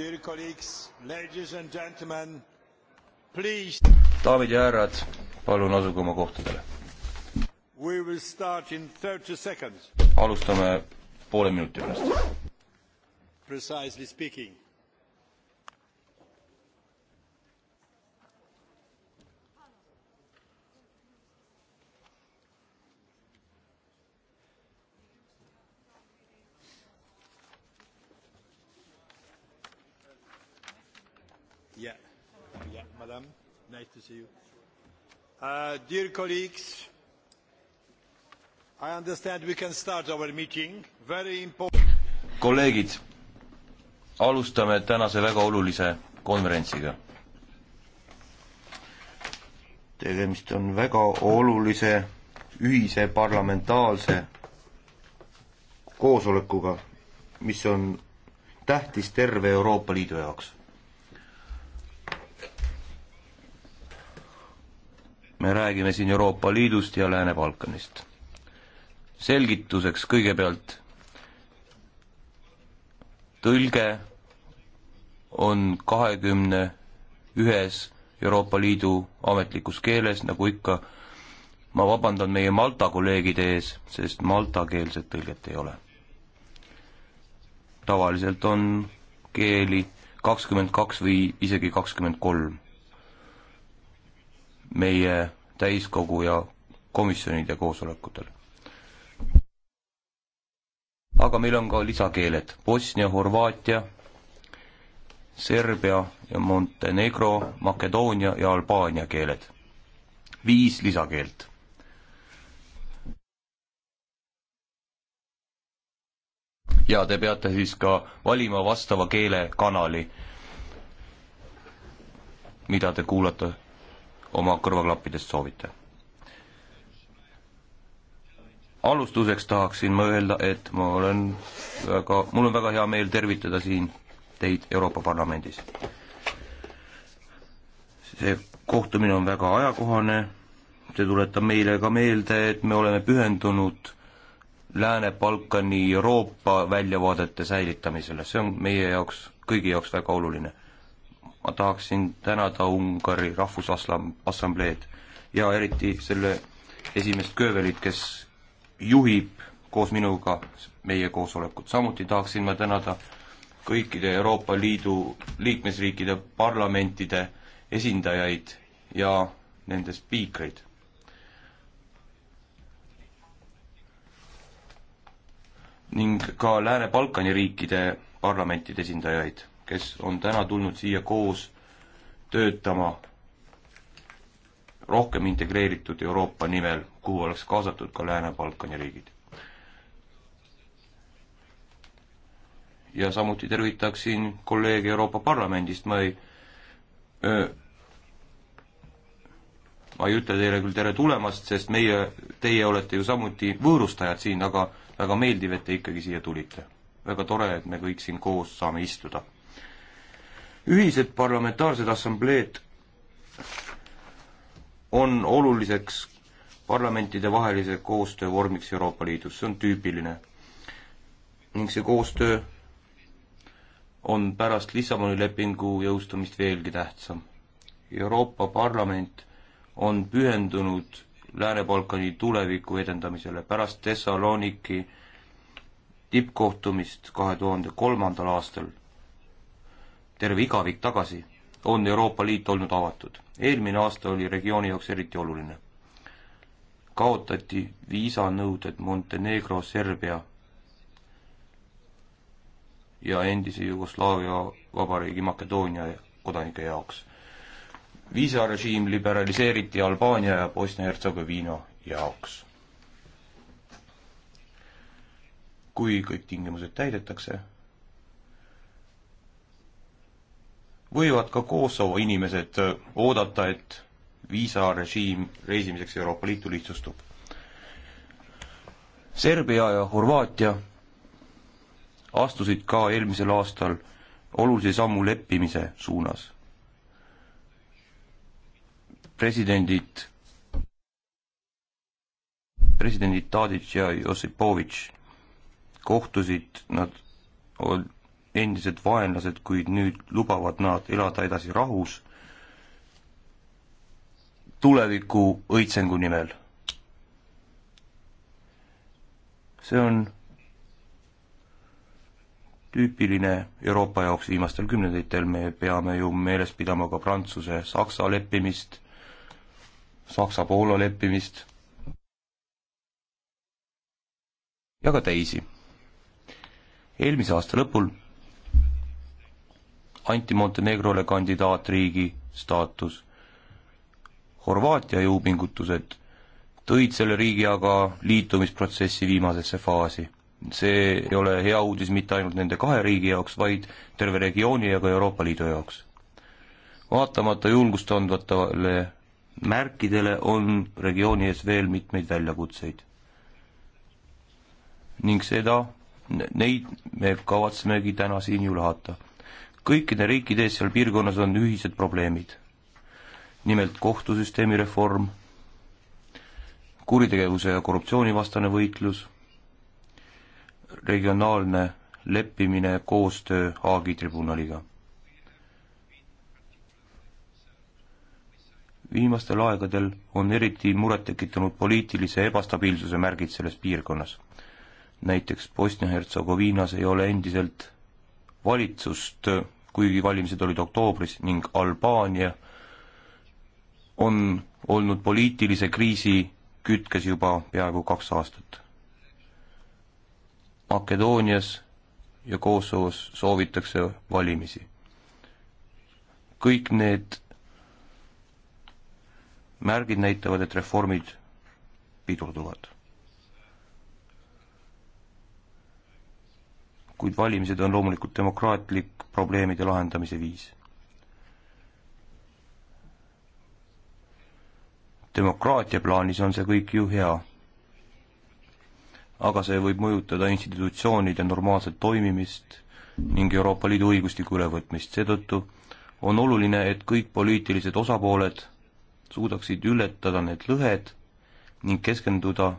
Dear colleagues, ladies and gentlemen, please. daamid ja härrad, palun asuge oma kohtadele. We will start in thirty seconds. alustame poole minuti pärast. Precisely speaking to see you. Uh, dear colleagues, I understand we can start our meeting. Very important. kolleegid, alustame tänase väga olulise konverentsiga. tegemist on väga olulise ühise parlamentaarse koosolekuga, mis on tähtis terve Euroopa Liidu jaoks me räägime siin Euroopa Liidust ja Lääne-Balkanist. selgituseks kõigepealt, tõlge on kahekümne ühes Euroopa Liidu ametlikus keeles, nagu ikka, ma vabandan meie Malta kolleegide ees, sest maltakeelset tõlget ei ole. tavaliselt on keeli kakskümmend kaks või isegi kakskümmend kolm meie täiskogu ja komisjonide koosolekutel. aga meil on ka lisakeeled Bosnia, Horvaatia, Serbia ja Montenegro, Makedoonia ja Albaania keeled. viis lisakeelt. ja te peate siis ka valima vastava keelekanali, mida te kuulate oma kõrvaklappidest soovite. alustuseks tahaksin ma öelda, et ma olen väga, mul on väga hea meel tervitada siin teid Euroopa Parlamendis. see kohtumine on väga ajakohane, see tuletab meile ka meelde, et me oleme pühendunud Lääne-Balkani Euroopa väljavaadete säilitamisele, see on meie jaoks, kõigi jaoks väga oluline ma tahaksin tänada Ungari Rahvusassambleed ja eriti selle esimest Köövelit, kes juhib koos minuga meie koosolekut. samuti tahaksin ma tänada kõikide Euroopa Liidu liikmesriikide parlamentide esindajaid ja nende spiikreid. ning ka Lääne-Balkani riikide parlamentide esindajaid kes on täna tulnud siia koos töötama rohkem integreeritud Euroopa nimel, kuhu oleks kaasatud ka Lääne-Balkani riigid. ja samuti tervitaksin kolleege Euroopa Parlamendist, ma ei öö, ma ei ütle teile küll tere tulemast, sest meie, teie olete ju samuti võõrustajad siin, aga väga meeldiv, et te ikkagi siia tulite. väga tore, et me kõik siin koos saame istuda ühised parlamentaarsed assambleed on oluliseks parlamentidevahelise koostöö vormiks Euroopa Liidus, see on tüüpiline. ning see koostöö on pärast Lissaboni lepingu jõustumist veelgi tähtsam. Euroopa Parlament on pühendunud Lääne-Balkani tuleviku edendamisele pärast Thessaloniki tippkohtumist kahe tuhande kolmandal aastal terve igavik tagasi on Euroopa Liit olnud avatud. eelmine aasta oli regiooni jaoks eriti oluline. kaotati viisanõuded Montenegro, Serbia ja endise Jugoslaavia vabariigi Makedoonia kodanike jaoks. viisarežiim liberaliseeriti Albaania ja Bosnia-Hertsegoviina jaoks. kui kõik tingimused täidetakse võivad ka Kosovo inimesed äh, oodata, et viisarežiim reisimiseks Euroopa Liitu lihtsustub. Serbia ja Horvaatia astusid ka eelmisel aastal olulise sammu leppimise suunas. presidendid, presidendid Tadic ja Jossipovitš kohtusid, nad endised vaenlased, kuid nüüd lubavad nad elada edasi rahus tuleviku õitsengu nimel. see on tüüpiline Euroopa jaoks viimastel kümnenditel, me peame ju meeles pidama ka Prantsuse-Saksa leppimist, Saksa-Poola leppimist ja ka teisi. eelmise aasta lõpul anti Montenegrole kandidaatriigi staatus. Horvaatia jõupingutused tõid selle riigi aga liitumisprotsessi viimasesse faasi. see ei ole hea uudis mitte ainult nende kahe riigi jaoks, vaid terve regiooni ja ka Euroopa Liidu jaoks. vaatamata julgust andvatele märkidele on regiooni ees veel mitmeid väljakutseid. ning seda, neid me kavatsemegi täna siin ju lahata kõikide riikide ees seal piirkonnas on ühised probleemid. nimelt kohtusüsteemi reform, kuritegevuse ja korruptsioonivastane võitlus, regionaalne leppimine, koostöö Haagi tribunaliga. viimastel aegadel on eriti muret tekitanud poliitilise ebastabiilsuse märgid selles piirkonnas. näiteks Bosnia-Hertsegoviinas ei ole endiselt valitsust, kuigi valimised olid oktoobris, ning Albaania on olnud poliitilise kriisi kütkes juba peaaegu kaks aastat. Makedoonias ja Kosovos soovitakse valimisi. kõik need märgid näitavad, et reformid pidurduvad kuid valimised on loomulikult demokraatlik probleemide lahendamise viis. demokraatia plaanis on see kõik ju hea, aga see võib mõjutada institutsioonide normaalset toimimist ning Euroopa Liidu õigustiku ülevõtmist, seetõttu on oluline, et kõik poliitilised osapooled suudaksid ületada need lõhed ning keskenduda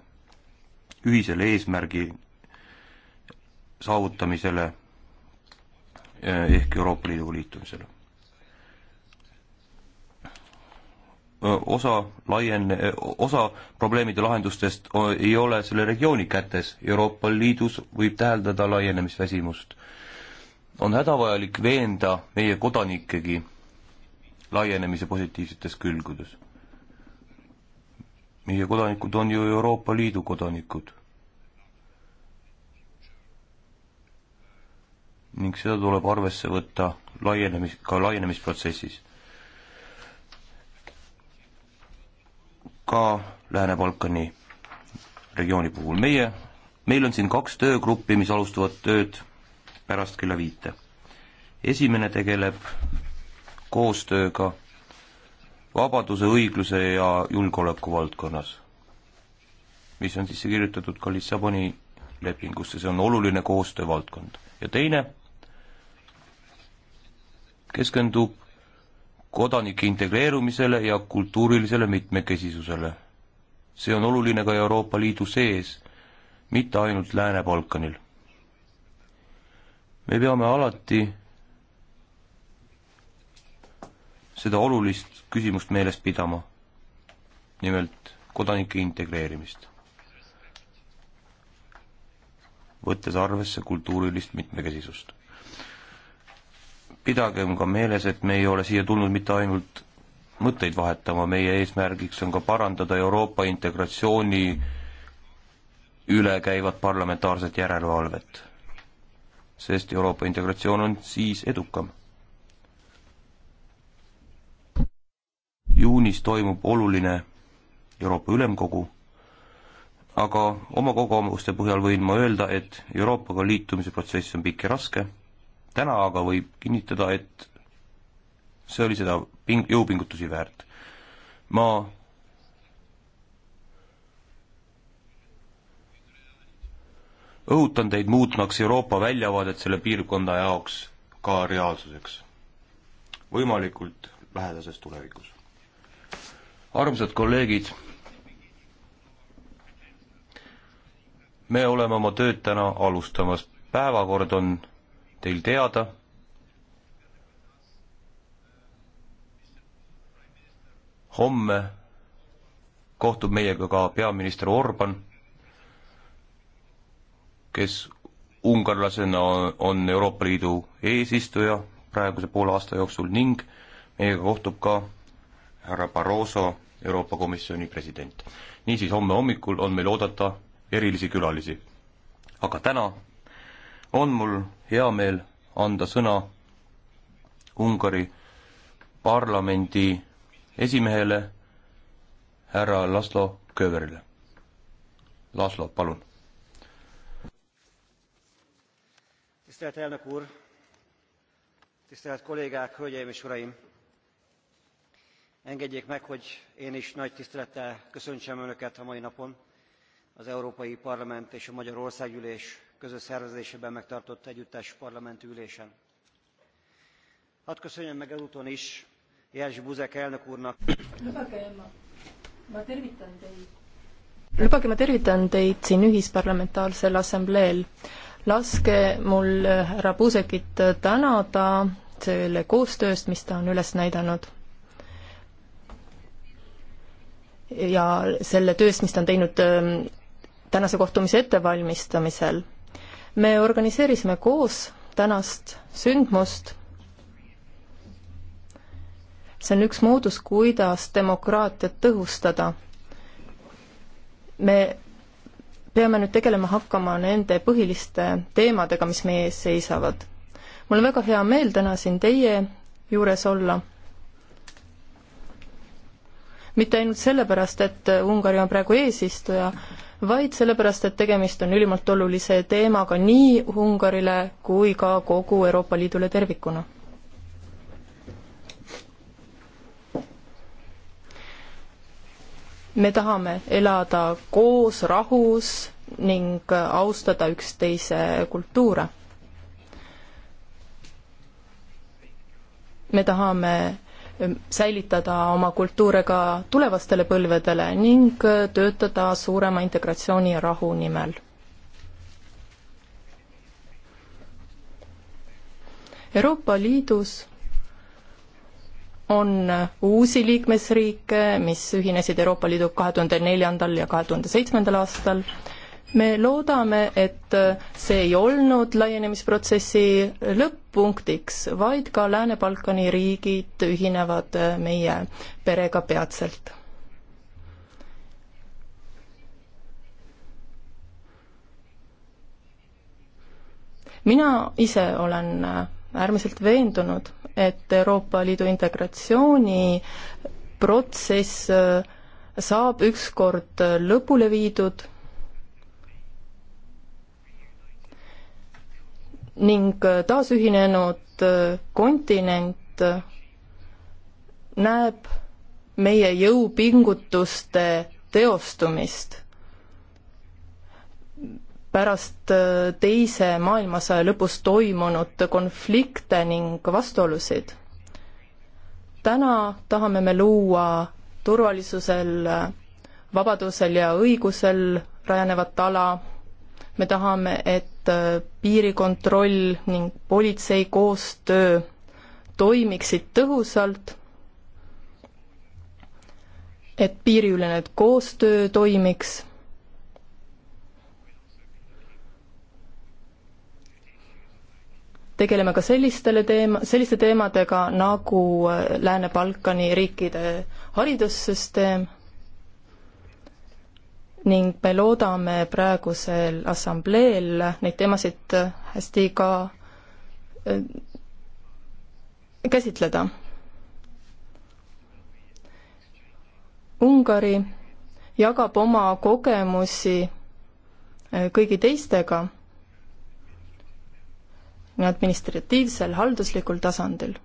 ühisele eesmärgile saavutamisele eh, ehk Euroopa Liiduga liitumisele. osa laien-, osa probleemide lahendustest ei ole selle regiooni kätes, Euroopa Liidus võib täheldada laienemisväsimust. on hädavajalik veenda meie kodanikkegi laienemise positiivsetes külgudes. meie kodanikud on ju Euroopa Liidu kodanikud ning seda tuleb arvesse võtta laienemis, ka laienemisprotsessis. ka Lääne-Balkani regiooni puhul. meie, meil on siin kaks töögruppi, mis alustavad tööd pärast kella viite. esimene tegeleb koostööga vabaduse, õigluse ja julgeoleku valdkonnas, mis on sisse kirjutatud ka Lissaboni lepingusse, see on oluline koostöövaldkond. ja teine keskendub kodanike integreerumisele ja kultuurilisele mitmekesisusele. see on oluline ka Euroopa Liidu sees, mitte ainult Lääne-Balkanil. me peame alati seda olulist küsimust meeles pidama, nimelt kodanike integreerimist, võttes arvesse kultuurilist mitmekesisust pidagem ka meeles, et me ei ole siia tulnud mitte ainult mõtteid vahetama, meie eesmärgiks on ka parandada Euroopa integratsiooni üle käivat parlamentaarset järelevalvet. sest Euroopa integratsioon on siis edukam. juunis toimub oluline Euroopa Ülemkogu, aga oma kogemuste põhjal võin ma öelda, et Euroopaga liitumise protsess on pikk ja raske täna aga võib kinnitada, et see oli seda ping-, jõupingutusi väärt. ma õhutan teid muutmaks Euroopa väljavaadet selle piirkonna jaoks ka reaalsuseks. võimalikult lähedases tulevikus. armsad kolleegid, me oleme oma tööd täna alustamas, päevakord on teil teada. homme kohtub meiega ka peaminister Orban, kes ungarlasena on, on Euroopa Liidu eesistuja praeguse poole aasta jooksul ning meiega kohtub ka härra Barroso, Euroopa Komisjoni president. niisiis, homme hommikul on meil oodata erilisi külalisi. aga täna on mul hea meel anda sõna Ungari parlamendi esimehele härra Laslo Köverile. Laslo, palun. tisztelt elnök úr, tisztelt kollégák, hölgyeim és uraim! Engedjék meg, hogy én is nagy tisztelettel köszöntsem Önöket a mai napon az Európai Parlament és a Magyar Országgyűlés közös szervezésében megtartott együttes parlamenti ülésen. Hadd köszönjem meg ezúton is Jerzy Buzek elnök úrnak. lubage, ma, ma tervitan teid. lubage, ma tervitan teid siin ühisparlamentaarsel assambleel. laske mul härra Buzekit tänada selle koostööst, mis ta on üles näidanud ja selle tööst, mis ta on teinud ähm, tänase kohtumise ettevalmistamisel me organiseerisime koos tänast sündmust. see on üks moodus, kuidas demokraatiat tõhustada. me peame nüüd tegelema hakkama nende põhiliste teemadega, mis meie ees seisavad. mul on väga hea meel täna siin teie juures olla mitte ainult sellepärast, et Ungari on praegu eesistuja, vaid sellepärast, et tegemist on ülimalt olulise teemaga nii Ungarile kui ka kogu Euroopa Liidule tervikuna. me tahame elada koos rahus ning austada üksteise kultuure. me tahame Ähm, säilitada oma kultuure ka tulevastele põlvedele ning äh, töötada suurema integratsiooni ja rahu nimel. Euroopa Liidus on äh, uusi liikmesriike, mis ühinesid Euroopa Liiduga kahe tuhande neljandal ja kahe tuhande seitsmendal aastal me loodame, et see ei olnud laienemisprotsessi lõpp-punktiks, vaid ka Lääne-Balkani riigid ühinevad meie perega peatselt. mina ise olen äärmiselt veendunud, et Euroopa Liidu integratsiooni protsess saab ükskord lõpule viidud ning äh, taasühinenud äh, kontinent äh, näeb meie jõupingutuste teostumist pärast teise maailmasõja lõpus toimunud konflikte ning vastuolusid. täna tahame me luua turvalisusel, vabadusel ja õigusel rajanevat ala, me tahame, et Äh, piirikontroll ning politsei koostöö toimiksid tõhusalt, et piiriülene koostöö toimiks tegeleme ka sellistele teema, selliste teemadega nagu äh, Lääne-Balkani riikide haridussüsteem ning me loodame praegusel assambleel neid teemasid hästi ka äh, käsitleda. Ungari jagab oma kogemusi äh, kõigi teistega administratiivsel, halduslikul tasandil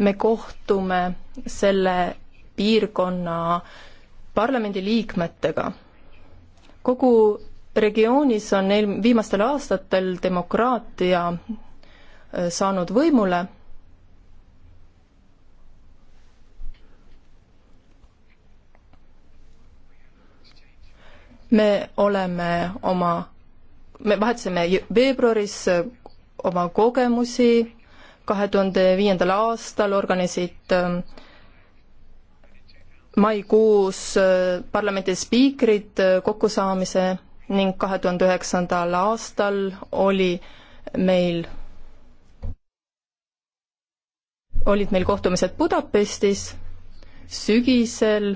me kohtume selle piirkonna parlamendiliikmetega. kogu regioonis on neil viimastel aastatel demokraatia äh, saanud võimule me oleme oma, me vahetasime veebruaris äh, oma kogemusi kahe tuhande viiendal aastal organisid ähm, maikuus äh, parlamendi spiikrid äh, kokkusaamise ning kahe tuhande üheksandal aastal oli meil, olid meil kohtumised Budapestis, sügisel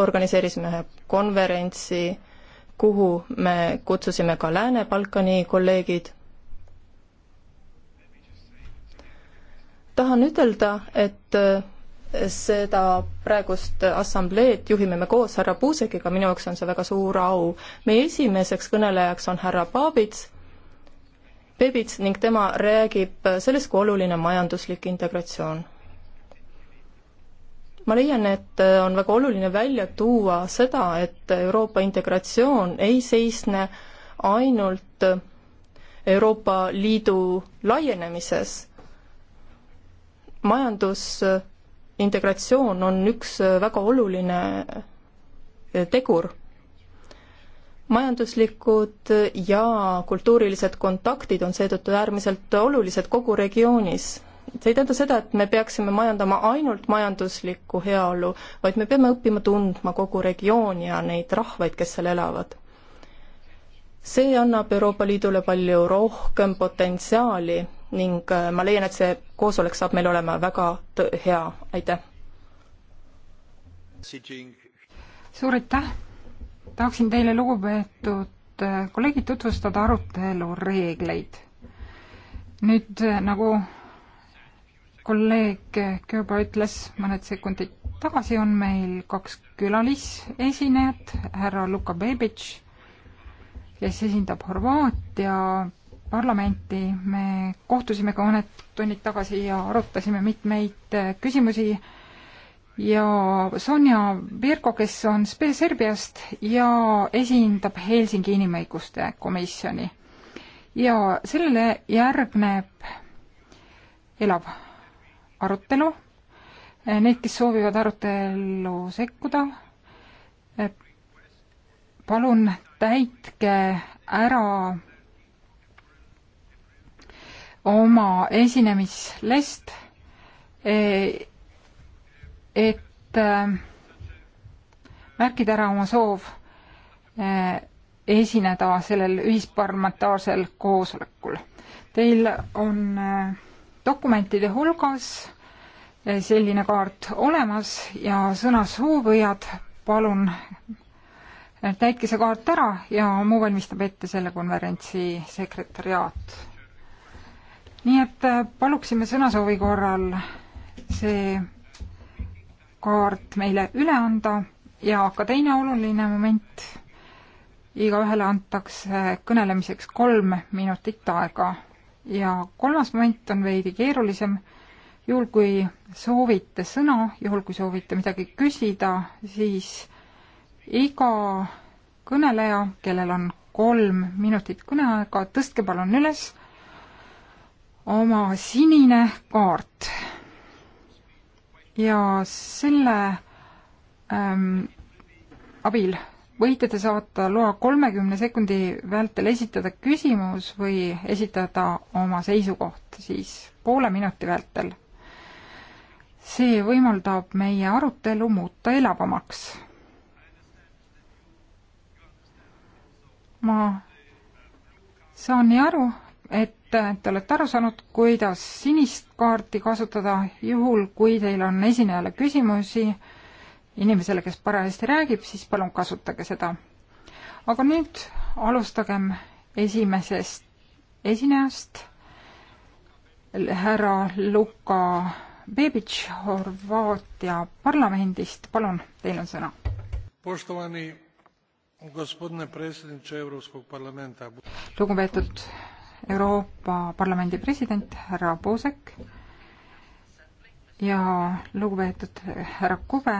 organiseerisime ühe konverentsi, kuhu me kutsusime ka Lääne-Balkani kolleegid tahan ütelda, et äh, seda praegust assambleed juhime me koos härra Puusekiga, minu jaoks on see väga suur au. meie esimeseks kõnelejaks on härra Paabits, Pebits ning tema räägib sellest, kui oluline on majanduslik integratsioon. ma leian, et äh, on väga oluline välja tuua seda, et Euroopa integratsioon ei seisne ainult Euroopa Liidu laienemises majandusintegratsioon on üks äh, väga oluline äh, tegur. majanduslikud äh, ja kultuurilised kontaktid on seetõttu äärmiselt olulised kogu regioonis. see ei tähenda seda, et me peaksime majandama ainult majanduslikku heaolu, vaid me peame õppima tundma kogu regiooni ja neid rahvaid, kes seal elavad see annab Euroopa Liidule palju rohkem potentsiaali ning äh, ma leian, et see koosolek saab meil olema väga hea, aitäh! suur aitäh! tahaksin teile, lugupeetud äh, kolleegid, tutvustada arutelu reegleid. nüüd äh, nagu kolleeg Kööba ütles mõned sekundid tagasi, on meil kaks külalisesinejat, härra Luka Bebic, kes esindab Horvaatia parlamenti, me kohtusime ka mõned tunnid tagasi ja arutasime mitmeid äh, küsimusi ja Sonja Virko, kes on Serbiast ja esindab Helsingi Inimõiguste Komisjoni. ja sellele järgneb elav arutelu. Äh, need, kes soovivad arutellu sekkuda, äh, palun täitke ära oma esinemislest, e, et äh, märkida ära oma soov äh, esineda sellel ühisparlamentaarsel koosolekul. Teil on äh, dokumentide hulgas selline kaart olemas ja sõnasoovijad palun täitke see kaart ära ja muu valmistab ette selle konverentsi sekretäriaat nii et äh, paluksime sõnasoovi korral see kaart meile üle anda ja ka teine oluline moment, igaühele antakse kõnelemiseks kolm minutit aega ja kolmas moment on veidi keerulisem, juhul kui soovite sõna, juhul kui soovite midagi küsida, siis iga kõneleja, kellel on kolm minutit kõneaega, tõstke palun üles oma sinine kaart. ja selle ähm, abil võite te saata loa kolmekümne sekundi vältel esitada küsimus või esitada oma seisukoht siis poole minuti vältel. see võimaldab meie arutelu muuta elavamaks. ma saan nii aru, et te olete aru saanud, kuidas sinist kaarti kasutada, juhul kui teil on esinejale küsimusi inimesele, kes parajasti räägib, siis palun kasutage seda. aga nüüd alustagem esimesest esinejast, härra Luka Bebic Horvaatia parlamendist, palun, teil on sõna. lugupeetud Euroopa Parlamendi president härra Puusek ja lugupeetud härra Kube,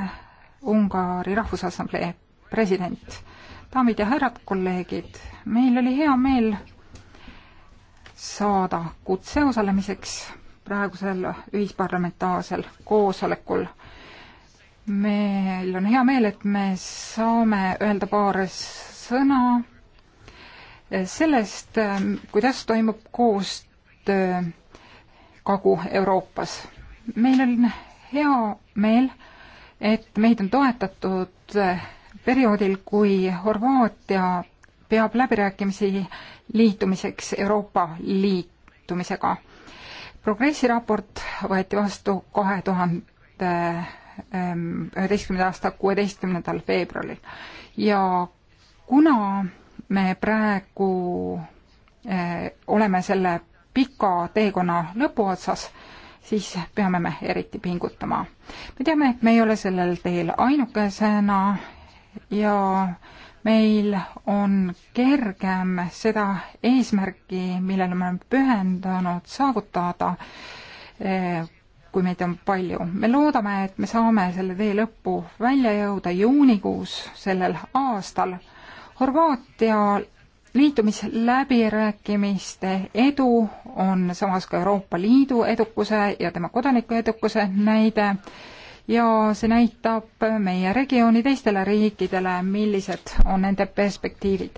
Ungari Rahvusassamblee president. daamid ja härrad, kolleegid, meil oli hea meel saada kutse osalemiseks praegusel ühisparlamentaarsel koosolekul. meil on hea meel, et me saame öelda paar sõna sellest, ähm, kuidas toimub koostöö Kagu-Euroopas. meil on hea meel, et meid on toetatud äh, perioodil, kui Horvaatia peab läbirääkimisi liitumiseks Euroopa liitumisega. progressi raport võeti vastu kahe tuhande ähm, üheteistkümnenda aasta kuueteistkümnendal veebruaril ja kuna me praegu eh, oleme selle pika teekonna lõpuotsas, siis peame me eriti pingutama. me teame, et me ei ole sellel teel ainukesena ja meil on kergem seda eesmärki, millele me oleme pühendanud, saavutada, eh, kui meid on palju. me loodame, et me saame selle tee lõppu välja jõuda juunikuus sellel aastal Horvaatia liitumisläbirääkimiste edu on samas ka Euroopa Liidu edukuse ja tema kodaniku edukuse näide ja see näitab meie regiooni teistele riikidele, millised on nende perspektiivid.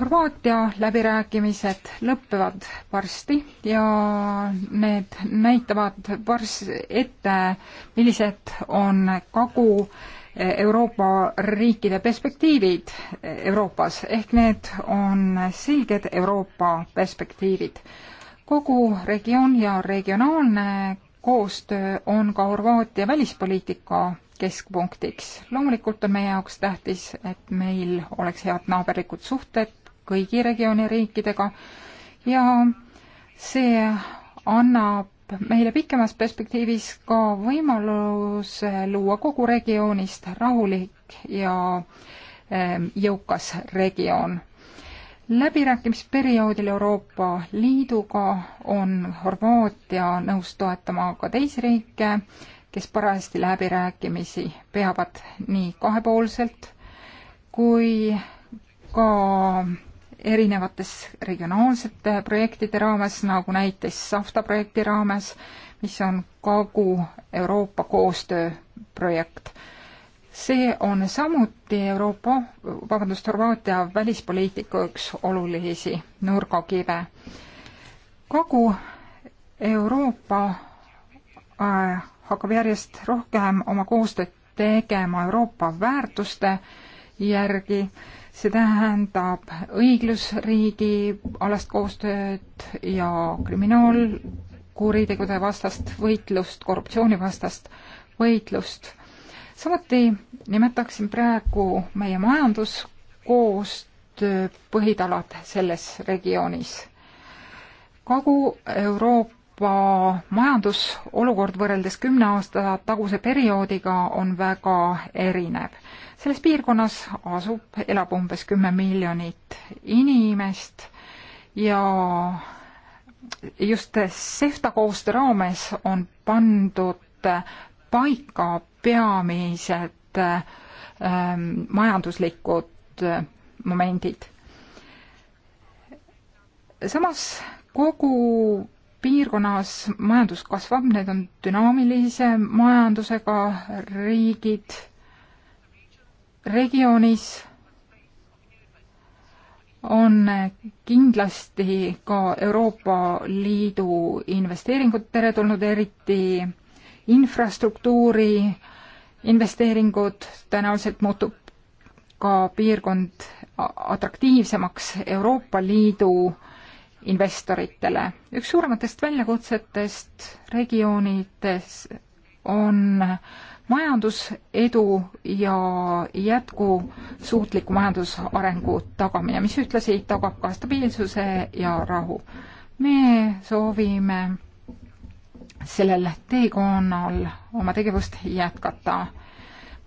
Horvaatia läbirääkimised lõpevad varsti ja need näitavad vars-, ette, millised on kagu Euroopa riikide perspektiivid Euroopas, ehk need on selged Euroopa perspektiivid. kogu regioon ja regionaalne koostöö on ka Horvaatia välispoliitika keskpunktiks. loomulikult on meie jaoks tähtis, et meil oleks head naaberlikud suhted kõigi regiooni riikidega ja see annab annab meile pikemas perspektiivis ka võimaluse äh, luua kogu regioonist rahulik ja ähm, jõukas regioon. läbirääkimisperioodil Euroopa Liiduga on Horvaatia nõus toetama ka teisi riike, kes parajasti läbirääkimisi peavad nii kahepoolselt kui ka erinevates regionaalsete projektide raames, nagu näiteks SAFTA projekti raames, mis on Kagu-Euroopa koostööprojekt. see on samuti Euroopa, vabandust, Horvaatia välispoliitika üks olulisi nurgakive. Kagu-Euroopa äh, hakkab järjest rohkem oma koostööd tegema Euroopa väärtuste järgi see tähendab õiglusriigi alast koostööd ja kriminaalkuritegude vastast võitlust, korruptsiooni vastast võitlust. samuti nimetaksin praegu meie majanduskoostöö põhitalad selles regioonis. Kagu-Euroopa Euroopa majandusolukord võrreldes kümne aasta taguse perioodiga on väga erinev. selles piirkonnas asub, elab umbes kümme miljonit inimest ja just SEFTA koostöö raames on pandud paika peamised ähm, majanduslikud äh, momendid. samas kogu piirkonnas majandus kasvab, need on dünaamilise majandusega riigid regioonis on kindlasti ka Euroopa Liidu investeeringud teretulnud, eriti infrastruktuuri investeeringud, tõenäoliselt muutub ka piirkond atraktiivsemaks Euroopa Liidu äh, investoritele. üks suurematest väljakutsetest regioonides on majandusedu ja jätkusuutliku majandusarengu tagamine, mis ühtlasi tagab ka stabiilsuse ja rahu. me soovime sellel teekonnal oma tegevust jätkata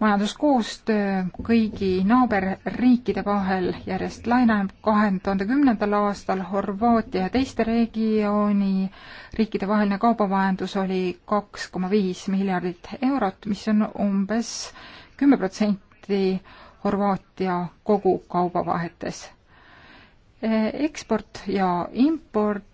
majanduskoostöö kõigi naaberriikide vahel järjest laineneb. kahe tuhande kümnendal aastal Horvaatia ja teiste regiooni riikide vaheline kaubavahendus oli kaks koma viis miljardit eurot, mis on umbes kümme protsenti Horvaatia kogu kaubavahetes. eksport ja import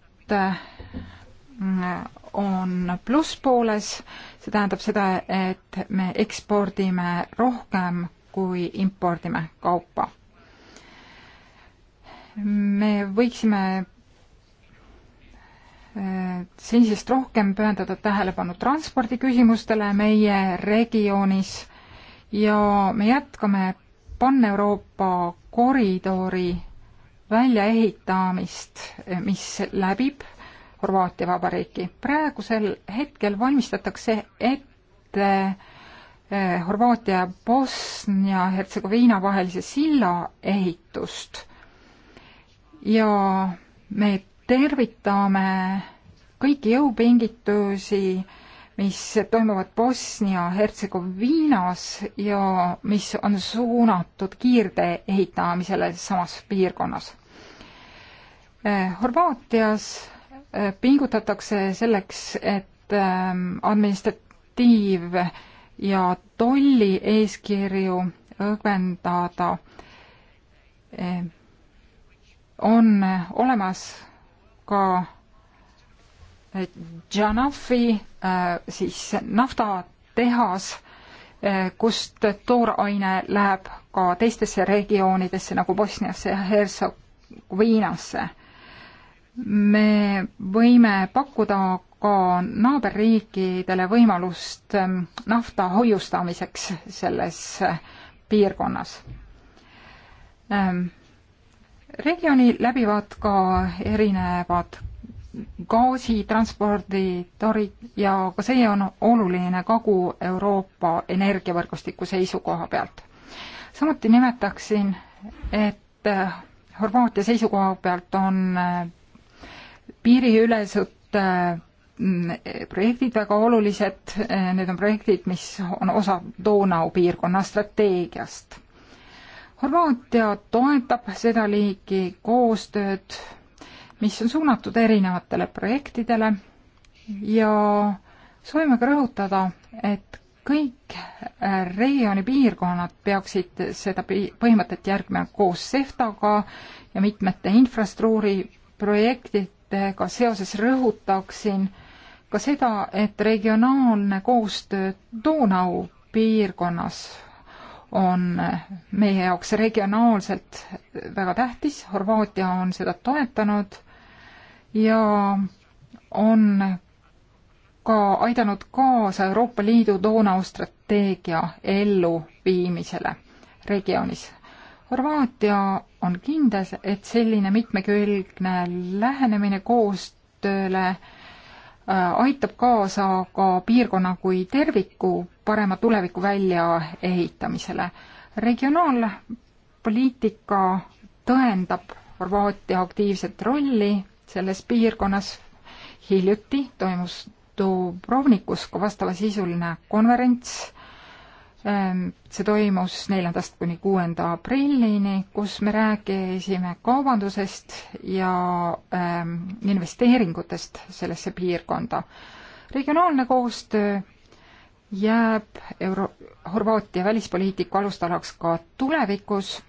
mm, on plusspooles see tähendab seda, et me ekspordime rohkem, kui impordime kaupa. me võiksime äh, senisest rohkem pühendada tähelepanu transpordiküsimustele meie regioonis ja me jätkame Pan-Euroopa koridori väljaehitamist, mis läbib Horvaatia Vabariiki. praegusel hetkel valmistatakse ette eh, Horvaatia ja Bosnia-Hertsegoviina vahelise silla ehitust ja me tervitame kõiki jõupingutusi, mis toimuvad Bosnia-Hertsegoviinas ja mis on suunatud kiirtee ehitamisele samas piirkonnas. Eh, Horvaatias pingutatakse selleks, et ähm, administratiiv ja tolli eeskirju õgvendada. Eh, on olemas ka eh, Janafi eh, siis naftatehas, kust tooraine läheb ka teistesse regioonidesse nagu Bosniasse ja Hertsegoviinasse me võime pakkuda ka naaberriikidele võimalust ähm, nafta hoiustamiseks selles äh, piirkonnas. Ähm, regiooni läbivad ka erinevad gaasitransporditorid ja ka see on oluline Kagu-Euroopa energiavõrgustiku seisukoha pealt. samuti nimetaksin, et äh, Horvaatia seisukoha pealt on äh, piiriülesed äh, mm, projektid väga olulised, äh, need on projektid, mis on osa Donau piirkonna strateegiast. Horvaatia toetab seda liiki koostööd, mis on suunatud erinevatele projektidele ja soovime ka rõhutada, et kõik äh, regiooni piirkonnad peaksid seda põhimõtet järgima koos SEFTAga ja mitmete infrastruktuuri projektid, meetmetega seoses rõhutaksin ka seda, et regionaalne koostöö Donau piirkonnas on meie jaoks regionaalselt väga tähtis, Horvaatia on seda toetanud ja on ka aidanud kaasa Euroopa Liidu Donau strateegia elluviimisele regioonis. Horvaatia on kindel, et selline mitmekülgne lähenemine koostööle äh, aitab kaasa ka piirkonna kui terviku parema tuleviku väljaehitamisele. regionaalpoliitika tõendab Horvaatia aktiivset rolli selles piirkonnas. hiljuti toimus Dubrovnikus ka vastavasisuline konverents Ehm, see toimus neljandast kuni kuuenda aprillini, kus me rääkisime kaubandusest ja ehm, investeeringutest sellesse piirkonda. regionaalne koostöö jääb Euro-, Horvaatia välispoliitika alustalaks ka tulevikus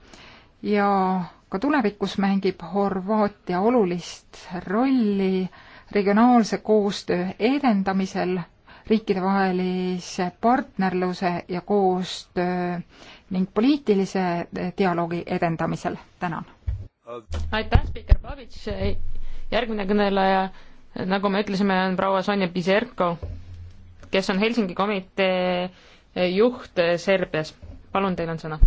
ja ka tulevikus mängib Horvaatia olulist rolli regionaalse koostöö edendamisel riikidevahelise partnerluse ja koostöö ning poliitilise eh, dialoogi edendamisel. tänan. aitäh, spiiker Pavits. järgmine kõneleja, nagu me ütlesime, on proua Sonja Pizerko, kes on Helsingi komitee eh, juht eh, Serbias. palun, teil on sõna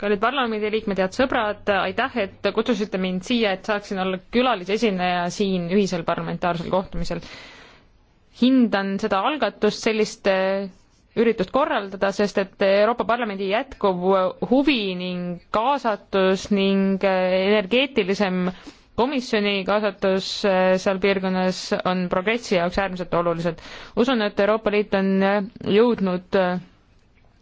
kallid parlamendiliikmed, head sõbrad, aitäh, et kutsusite mind siia, et saaksin olla külalisesineja siin ühisel parlamentaarsel kohtumisel. hindan seda algatust, sellist eh, üritust korraldada, sest et Euroopa Parlamendi jätkuv huvi ning kaasatus ning eh, energeetilisem komisjoni kaasatus eh, seal piirkonnas on progressi jaoks äärmiselt olulised. usun, et Euroopa Liit on jõudnud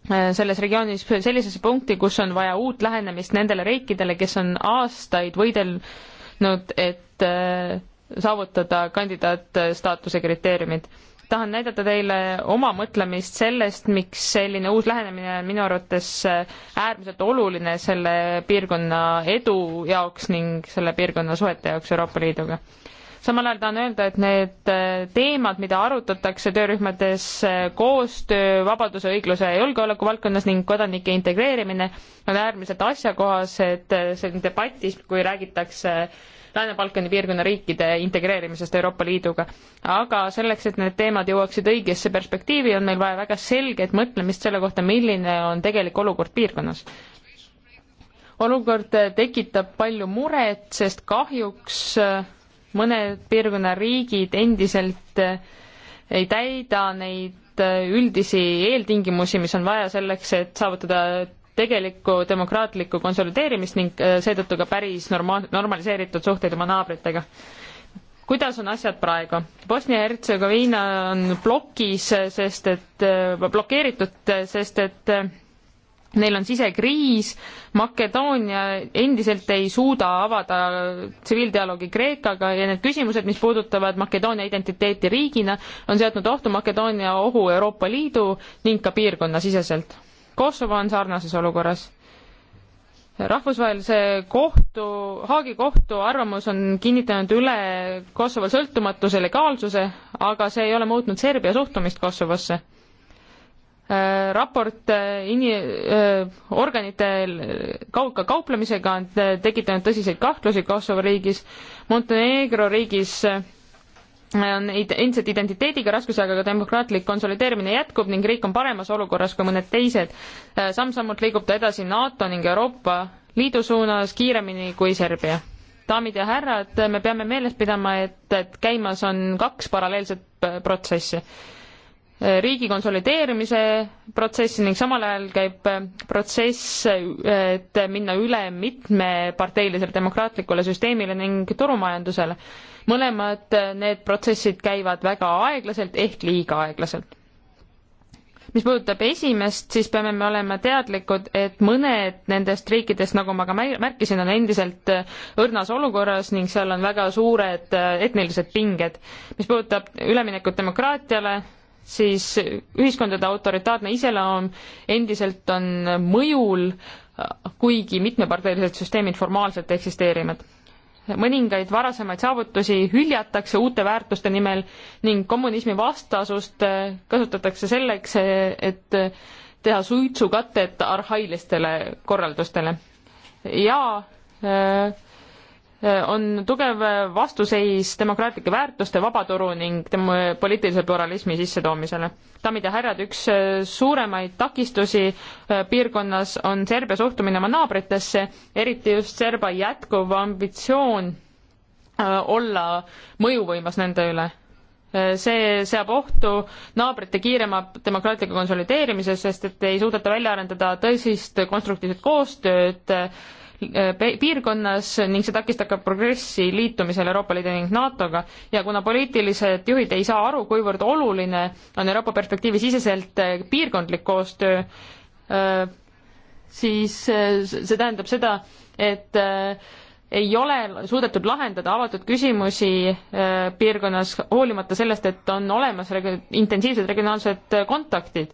Äh, selles regioonis sellisesse punkti, kus on vaja uut lähenemist nendele riikidele, kes on aastaid võidelnud, et äh, saavutada kandidaatstaatuse kriteeriumid. tahan näidata teile oma mõtlemist sellest, miks selline uus lähenemine on minu arvates äh, äärmiselt oluline selle piirkonna edu jaoks ning selle piirkonna suhete jaoks Euroopa Liiduga samal ajal tahan öelda, et need äh, teemad, mida arutatakse töörühmades äh, koostöö, vabaduse, õigluse ja julgeoleku valdkonnas ning kodanike integreerimine, on äärmiselt asjakohased äh, siin debatis, kui räägitakse Lääne-Balkani piirkonna riikide integreerimisest Euroopa Liiduga. aga selleks, et need teemad jõuaksid õigesse perspektiivi, on meil vaja väga selget mõtlemist selle kohta, milline on tegelik olukord piirkonnas. olukord tekitab palju muret, sest kahjuks mõned piirkonna riigid endiselt äh, ei täida neid äh, üldisi eeltingimusi, mis on vaja selleks, et saavutada tegelikku demokraatlikku konsolideerimist ning äh, seetõttu ka päris norma-, normaliseeritud suhteid oma naabritega. kuidas on asjad praegu? Bosnia-Hertsegoviina on plokis, sest et, blokeeritud, sest et Neil on sisekriis, Makedoonia endiselt ei suuda avada tsiviildialoogi Kreekaga ja need küsimused, mis puudutavad Makedoonia identiteeti riigina, on seadnud ohtu Makedoonia ohu Euroopa Liidu ning ka piirkonnasiseselt. Kosovo on sarnases olukorras. rahvusvahelise kohtu, Haagi kohtu arvamus on kinnitanud üle Kosovo sõltumatuse legaalsuse, aga see ei ole muutnud Serbia suhtumist Kosovosse Äh, raport äh, ini-, äh, organite kauka kauplemisega on tekitanud tõsiseid kahtlusi Kosovo riigis. Montenegro riigis on endiselt identiteediga raskusi, aga ka demokraatlik konsolideerimine jätkub ning riik on paremas olukorras kui mõned teised. samm-sammult liigub ta edasi NATO ning Euroopa Liidu suunas kiiremini kui Serbia. daamid ja härrad, me peame meeles pidama, et, et käimas on kaks paralleelset protsessi riigi konsolideerimise protsessi ning samal ajal käib äh, protsess, äh, et minna üle mitmeparteilisele demokraatlikule süsteemile ning turumajandusele. mõlemad äh, need protsessid käivad väga aeglaselt ehk liiga aeglaselt. mis puudutab esimest, siis peame me olema teadlikud, et mõned nendest riikidest, nagu ma ka märkisin, on endiselt õrnas olukorras ning seal on väga suured etnilised pinged. mis puudutab üleminekut demokraatiale, siis ühiskondade autoritaarne iseloom endiselt on mõjul, kuigi mitmeparteilised süsteemid formaalselt eksisteerivad. mõningaid varasemaid saavutusi hüljatakse uute väärtuste nimel ning kommunismi vastasust kasutatakse selleks, et teha suitsukatet arhailistele korraldustele. ja äh, on tugev vastuseis demokraatlike väärtuste, vabaturu ning dem-, poliitilise pluralismi sissetoomisele. daamid ja härrad, üks äh, suuremaid takistusi äh, piirkonnas on Serbia suhtumine oma naabritesse, eriti just Serba jätkuv ambitsioon äh, olla mõjuvõimas nende üle. see seab ohtu naabrite kiirema demokraatliku konsolideerimise, sest et ei suudeta välja arendada tõsist konstruktiivset koostööd piirkonnas ning see takistab ka progressi liitumisel Euroopa Liidu ning NATO-ga ja kuna poliitilised juhid ei saa aru, kuivõrd oluline on Euroopa perspektiivi siseselt eh, piirkondlik koostöö, eh, siis eh, see tähendab seda, et ei ole suudetud lahendada avatud küsimusi piirkonnas, hoolimata sellest, et on olemas reg intensiivsed regionaalsed kontaktid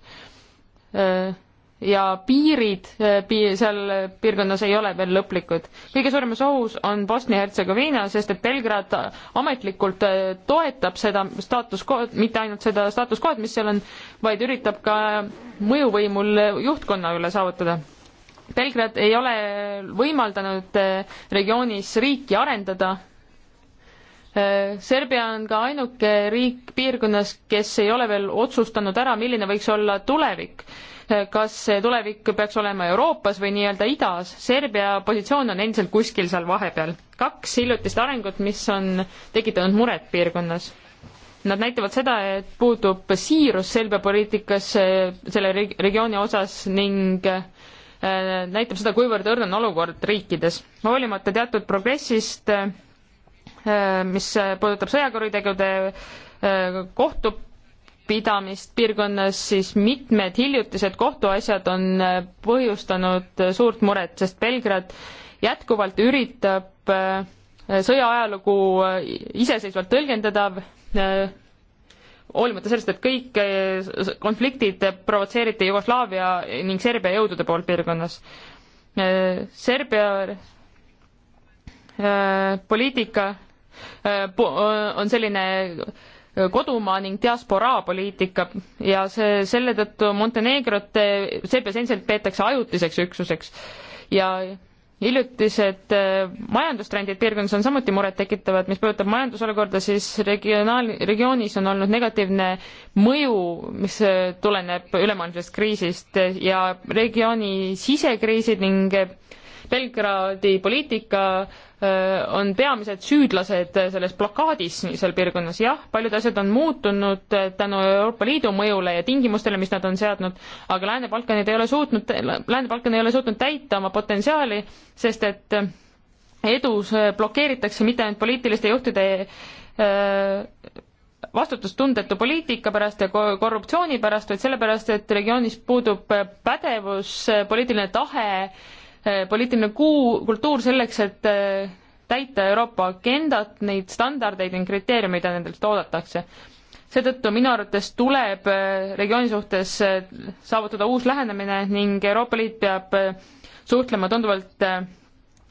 ja piirid eh, pii-, seal piirkonnas ei ole veel lõplikud. kõige suuremas ohus on Bosnia-Hertsegoviina, sest et Belgrad ametlikult eh, toetab seda staatus, mitte ainult seda staatus kood, mis seal on, vaid üritab ka mõjuvõimul juhtkonna üle saavutada. Belgrad ei ole võimaldanud eh, regioonis riiki arendada, Serbia on ka ainuke riik piirkonnas, kes ei ole veel otsustanud ära, milline võiks olla tulevik kas see tulevik peaks olema Euroopas või nii-öelda idas. Serbia positsioon on endiselt kuskil seal vahepeal. kaks hiljutist arengut, mis on tekitanud muret piirkonnas. Nad näitavad seda, et puudub siirus Serbia poliitikas eh, selle regiooni osas ning eh, näitab seda, kuivõrd õrn on olukord riikides. hoolimata teatud progressist, eh, mis puudutab sõjakuritegude kohtu pidamist piirkonnas, siis mitmed hiljutised kohtuasjad on äh, põhjustanud äh, suurt muret, sest Belgrad jätkuvalt üritab äh, sõja ajalugu iseseisvalt tõlgendada, hoolimata sellest, et kõik konfliktid provotseeriti Jugoslaavia ning Serbia jõudude poolt piirkonnas. Serbia poliitika on selline kodumaa ning diasporaa poliitika ja see, selle tõttu Montenegrot CPS-endiselt peetakse ajutiseks üksuseks ja hiljutised äh, majandustrendid piirkonnas on samuti murettekitavad, mis puudutab majandusolukorda, siis regionaal, regioonis on olnud negatiivne mõju, mis äh, tuleneb ülemaailmsest kriisist ja regiooni sisekriisid ning Belgradi poliitika äh, on peamised süüdlased selles blokaadis seal piirkonnas. jah, paljud asjad on muutunud äh, tänu Euroopa Liidu mõjule ja tingimustele, mis nad on seadnud, aga Lääne-Balkanid ei ole suutnud, Lääne-Balkan ei ole suutnud täita oma potentsiaali, sest et äh, edus blokeeritakse mitte ainult poliitiliste juhtide vastutustundetu poliitika pärast ja korruptsiooni pärast, vaid sellepärast, et regioonis puudub pädevus, poliitiline tahe Eh, poliitiline kuu, kultuur selleks, et eh, täita Euroopa agendat, neid standardeid ning kriteeriume, mida nendelt oodatakse. seetõttu minu arvates tuleb eh, regiooni suhtes saavutada uus lähenemine ning Euroopa Liit peab suhtlema tunduvalt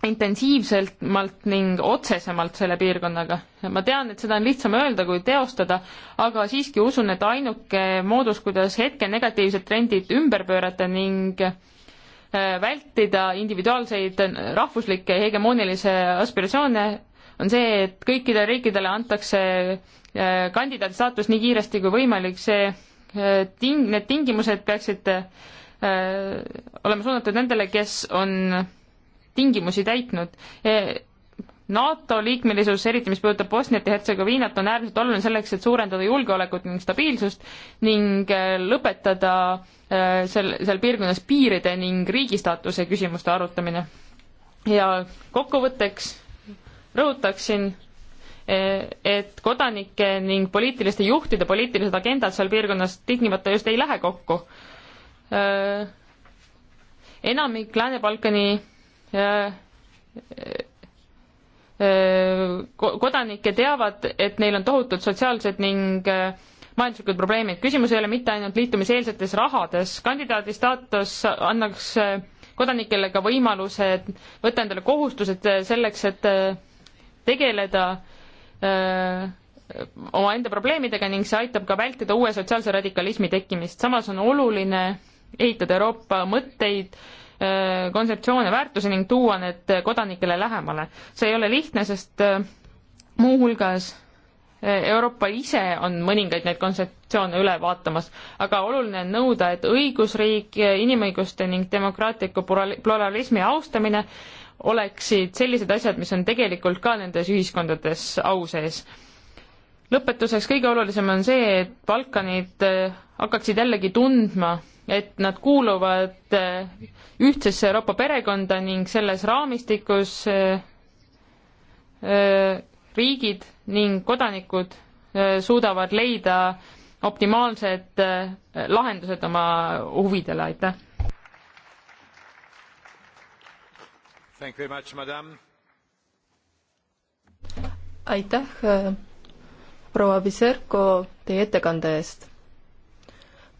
intensiivsemalt ning otsesemalt selle piirkonnaga. ma tean, et seda on lihtsam öelda kui teostada, aga siiski usun, et ainuke moodus, kuidas hetke negatiivsed trendid ümber pöörata ning äh, Äh, vältida individuaalseid rahvuslikke hegemoonilisi aspiratsioone, on see, et kõikidele riikidele antakse äh, kandidaadi staatus nii kiiresti kui võimalik, see äh, ting-, need tingimused peaksid olema suunatud nendele, kes on tingimusi täitnud e NATO liikmelisus, eriti mis puudutab Bosniat ja Hertsegoviinat, on äärmiselt oluline selleks, et suurendada julgeolekut ning stabiilsust ning äh, lõpetada äh, seal, seal piirkonnas piiride ning riigi staatuse küsimuste arutamine. ja kokkuvõtteks rõhutaksin, äh, et kodanike ning poliitiliste juhtide poliitilised agendad seal piirkonnas tingimata just ei lähe kokku. enamik Lääne-Balkani kodanikke teavad, et neil on tohutud sotsiaalsed ning majanduslikud probleemid. küsimus ei ole mitte ainult liitumiseelsetes rahades, kandidaadi staatus annaks kodanikele ka võimaluse võtta endale kohustused selleks, et tegeleda omaenda probleemidega ning see aitab ka vältida uue sotsiaalse radikalismi tekkimist. samas on oluline ehitada Euroopa mõtteid äh, Äh, kontseptsioone, väärtusi ning tuua need kodanikele lähemale. see ei ole lihtne, sest äh, muuhulgas äh, Euroopa ise on mõningaid neid kontseptsioone üle vaatamas, aga oluline on nõuda, et õigusriik, inimõiguste ning demokraatliku pluralismi austamine oleksid sellised asjad, mis on tegelikult ka nendes ühiskondades au sees. lõpetuseks kõige olulisem on see, et Balkanid hakkaksid jällegi tundma, et nad kuuluvad ühtsesse Euroopa perekonda ning selles raamistikus äh, äh, riigid ning kodanikud äh, suudavad leida optimaalsed lahendused oma huvidele, aitäh! aitäh, proua Biserko, teie ettekande eest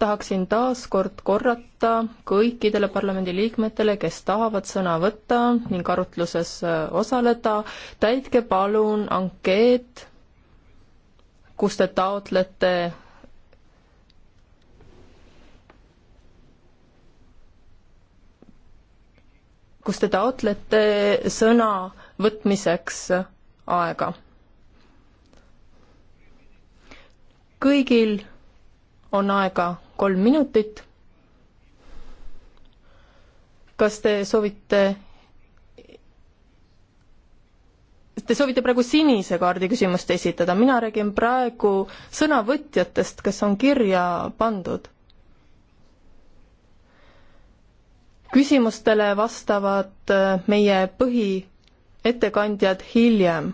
tahaksin taas kord korrata kõikidele parlamendiliikmetele, kes tahavad sõna võtta ning arutluses äh, osaleda, täitke palun ankeet, kus te taotlete kus te taotlete sõna võtmiseks aega. kõigil on aega kolm minutit. kas te soovite Te soovite praegu sinise kaardi küsimust esitada, mina räägin praegu sõnavõtjatest, kes on kirja pandud. küsimustele vastavad äh, meie põhiettekandjad hiljem.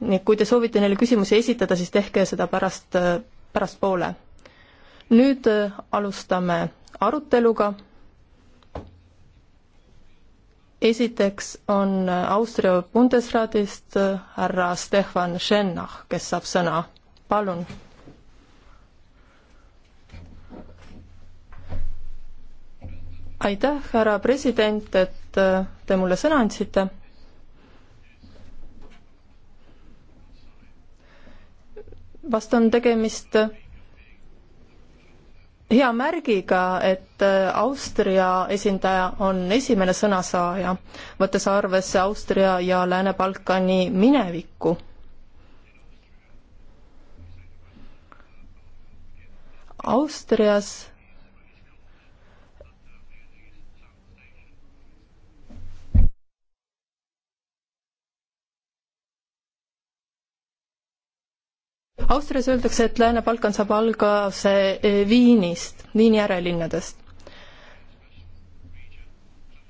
nii et kui te soovite neile küsimusi esitada, siis tehke seda pärast, äh, pärastpoole nüüd äh, alustame aruteluga. esiteks on äh, Austria Bundesratist äh, härra Stefan Schennach, kes saab sõna. palun. aitäh, härra president, et te mulle sõna andsite vast on tegemist hea märgiga, et äh, Austria esindaja on esimene sõnasaaja, võttes arvesse Austria ja Lääne-Balkani minevikku. Austrias Austrias öeldakse, et Lääne-Balkan saab algase eh, Viinist, Viini järelinnadest.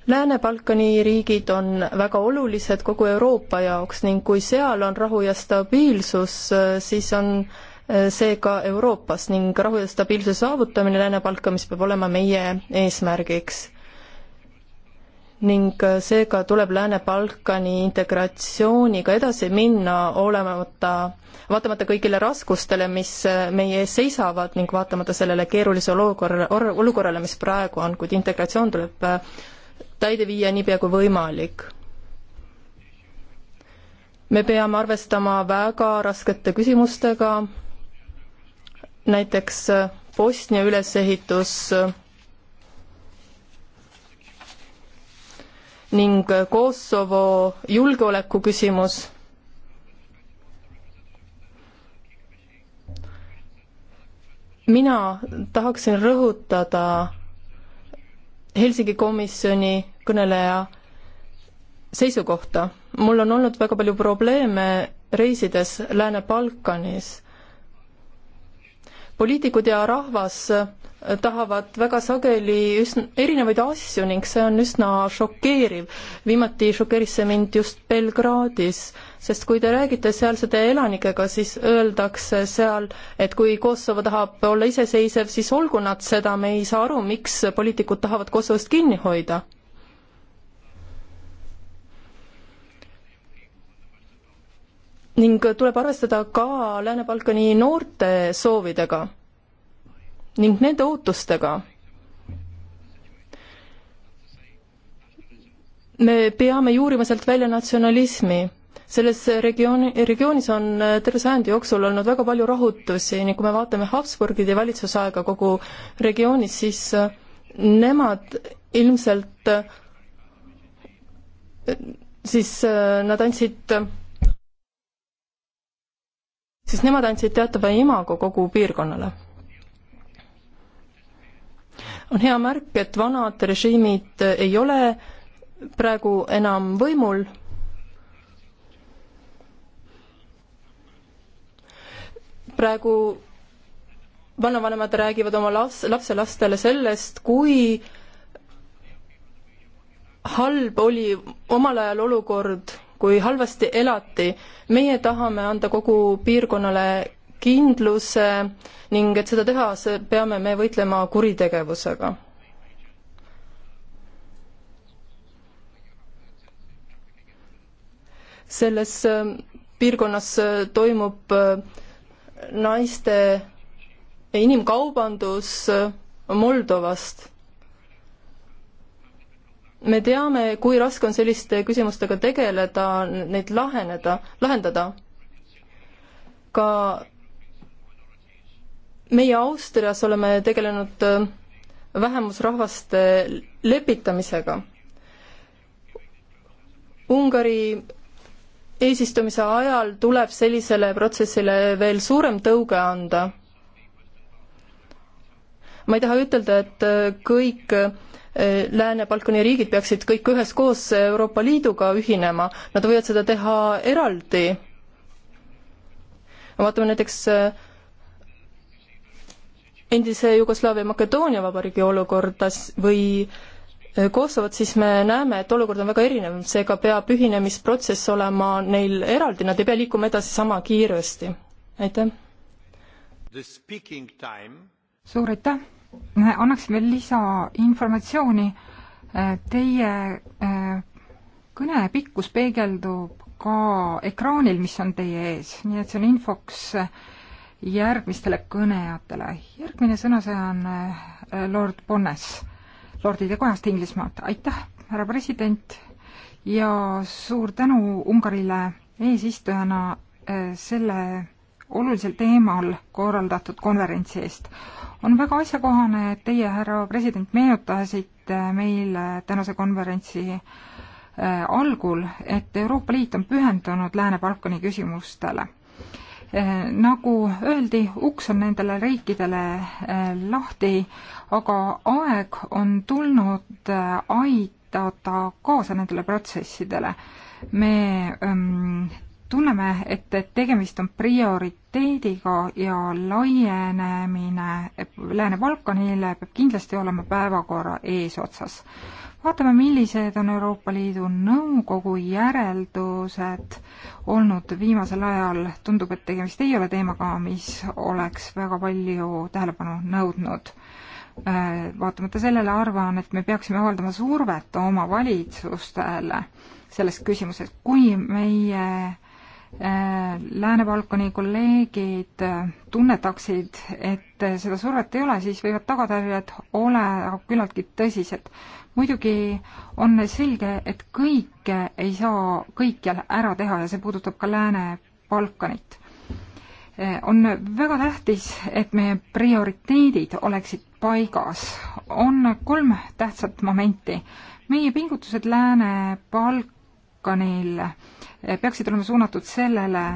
Lääne-Balkani riigid on väga olulised kogu Euroopa jaoks ning kui seal on rahu ja stabiilsus, eh, siis on eh, see ka Euroopas ning rahu ja stabiilsuse saavutamine Lääne-Balkanis peab olema meie eesmärgiks ning äh, seega tuleb Lääne-Balkani integratsiooniga edasi minna, olemata, vaatamata kõigile raskustele, mis äh, meie ees seisavad ning vaatamata sellele keerulisele olukorrale, olukorrale, mis praegu on, kuid integratsioon tuleb äh, täide viia niipea kui võimalik. me peame arvestama väga raskete küsimustega, näiteks Bosnia ülesehitus ning Kosovo julgeoleku küsimus. mina tahaksin rõhutada Helsingi komisjoni kõneleja seisukohta. mul on olnud väga palju probleeme reisides Lääne-Balkanis. poliitikud ja rahvas tahavad väga sageli üsna erinevaid asju ning see on üsna šokeeriv. viimati šokeeris see mind just Belgradis, sest kui te räägite sealsete elanikega, siis öeldakse seal, et kui Kosovo tahab olla iseseisev, siis olgu nad seda, me ei saa aru, miks poliitikud tahavad Kosovost kinni hoida. ning tuleb arvestada ka Lääne-Balkani noorte soovidega ning nende ootustega. me peame juurima sealt välja natsionalismi. selles regiooni, regioonis on äh, terve sajandi jooksul olnud väga palju rahutusi ning kui me vaatame Habsburgide valitsusaega kogu regioonis, siis äh, nemad ilmselt äh, siis nad andsid siis nemad andsid teatava imago kogu piirkonnale on hea märk, et vanad režiimid ei ole praegu enam võimul. praegu vanavanemad räägivad oma laps, lapselastele sellest, kui halb oli omal ajal olukord, kui halvasti elati. meie tahame anda kogu piirkonnale kindluse ning et seda teha, see, peame me võitlema kuritegevusega. selles ähm, piirkonnas äh, toimub äh, naiste inimkaubandus äh, Moldovast me teame, kui raske on selliste küsimustega tegeleda, neid laheneda, lahendada. ka meie Austrias oleme tegelenud äh, vähemusrahvaste lepitamisega. Ungari eesistumise ajal tuleb sellisele protsessile veel suurem tõuge anda. ma ei taha ütelda, et äh, kõik äh, Lääne-Balkani riigid peaksid kõik üheskoos Euroopa Liiduga ühinema, nad võivad seda teha eraldi. vaatame näiteks äh, endise Jugoslaavia Makedoonia vabariigi olukorda või eh, Kosovot, siis me näeme, et olukord on väga erinev, seega peab ühinemisprotsess olema neil eraldi, nad ei pea liikuma edasi sama kiiresti. aitäh. suur aitäh, annaks veel lisainformatsiooni. Eh, teie eh, kõne pikkus peegeldub ka ekraanil, mis on teie ees, nii et see on infoks äh, järgmistele kõnejatele. järgmine sõnaseja on äh, Lord Bonnes, Lordide Kojast Inglismaalt. aitäh, härra president ja suur tänu Ungarile eesistujana äh, selle olulisel teemal korraldatud konverentsi eest. on väga asjakohane, et teie, härra president, meenutasite meile tänase konverentsi äh, algul, et Euroopa Liit on pühendunud Lääne-Balkani küsimustele Eh, nagu öeldi, uks on nendele riikidele eh, lahti, aga aeg on tulnud eh, aidata kaasa nendele protsessidele. me ähm, tunneme, et, et tegemist on prioriteediga ja laienemine Lääne-Balkanile peab kindlasti olema päevakorra eesotsas vaatame, millised on Euroopa Liidu Nõukogu järeldused olnud viimasel ajal. tundub, et tegemist ei ole teemaga, mis oleks väga palju tähelepanu nõudnud. Äh, vaatamata sellele arvan, et me peaksime avaldama survet oma valitsustele selles küsimuses, kui meie äh, Lääne-Balkani kolleegid äh, tunnetaksid, et seda survet ei ole, siis võivad tagajärjed olla küllaltki tõsised muidugi on selge, et kõike ei saa kõikjal ära teha ja see puudutab ka Lääne-Balkanit. on väga tähtis, et meie prioriteedid oleksid paigas. on kolm tähtsat momenti. meie pingutused Lääne-Balkanil peaksid olema suunatud sellele,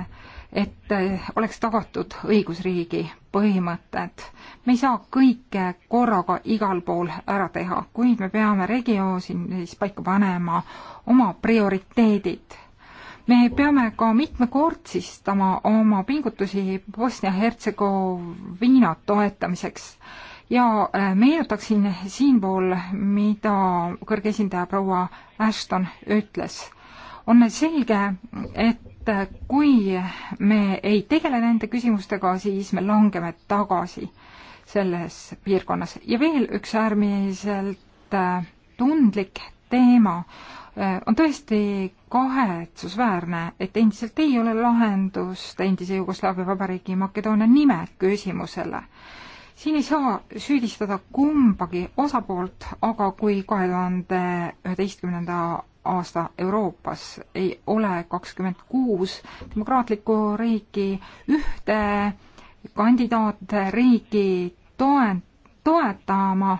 et eh, oleks tagatud õigusriigi põhimõtted. me ei saa kõike korraga igal pool ära teha, kuid me peame regioonis paika panema oma prioriteedid. me peame ka mitmekordistama oma pingutusi Bosnia-Hertsegoviina toetamiseks ja eh, meenutaksin siinpool, mida kõrge esindaja proua Ashton ütles on selge, et et kui me ei tegele nende küsimustega, siis me langeme tagasi selles piirkonnas. ja veel üks äärmiselt äh, tundlik teema äh, on tõesti kahetsusväärne, et endiselt ei ole lahendust endise Jugoslaavia Vabariigi Makedoonia nime küsimusele. siin ei saa süüdistada kumbagi osapoolt, aga kui kahe tuhande üheteistkümnenda aasta Euroopas ei ole kakskümmend kuus demokraatlikku riiki, ühte kandidaatriigi toen-, toetama,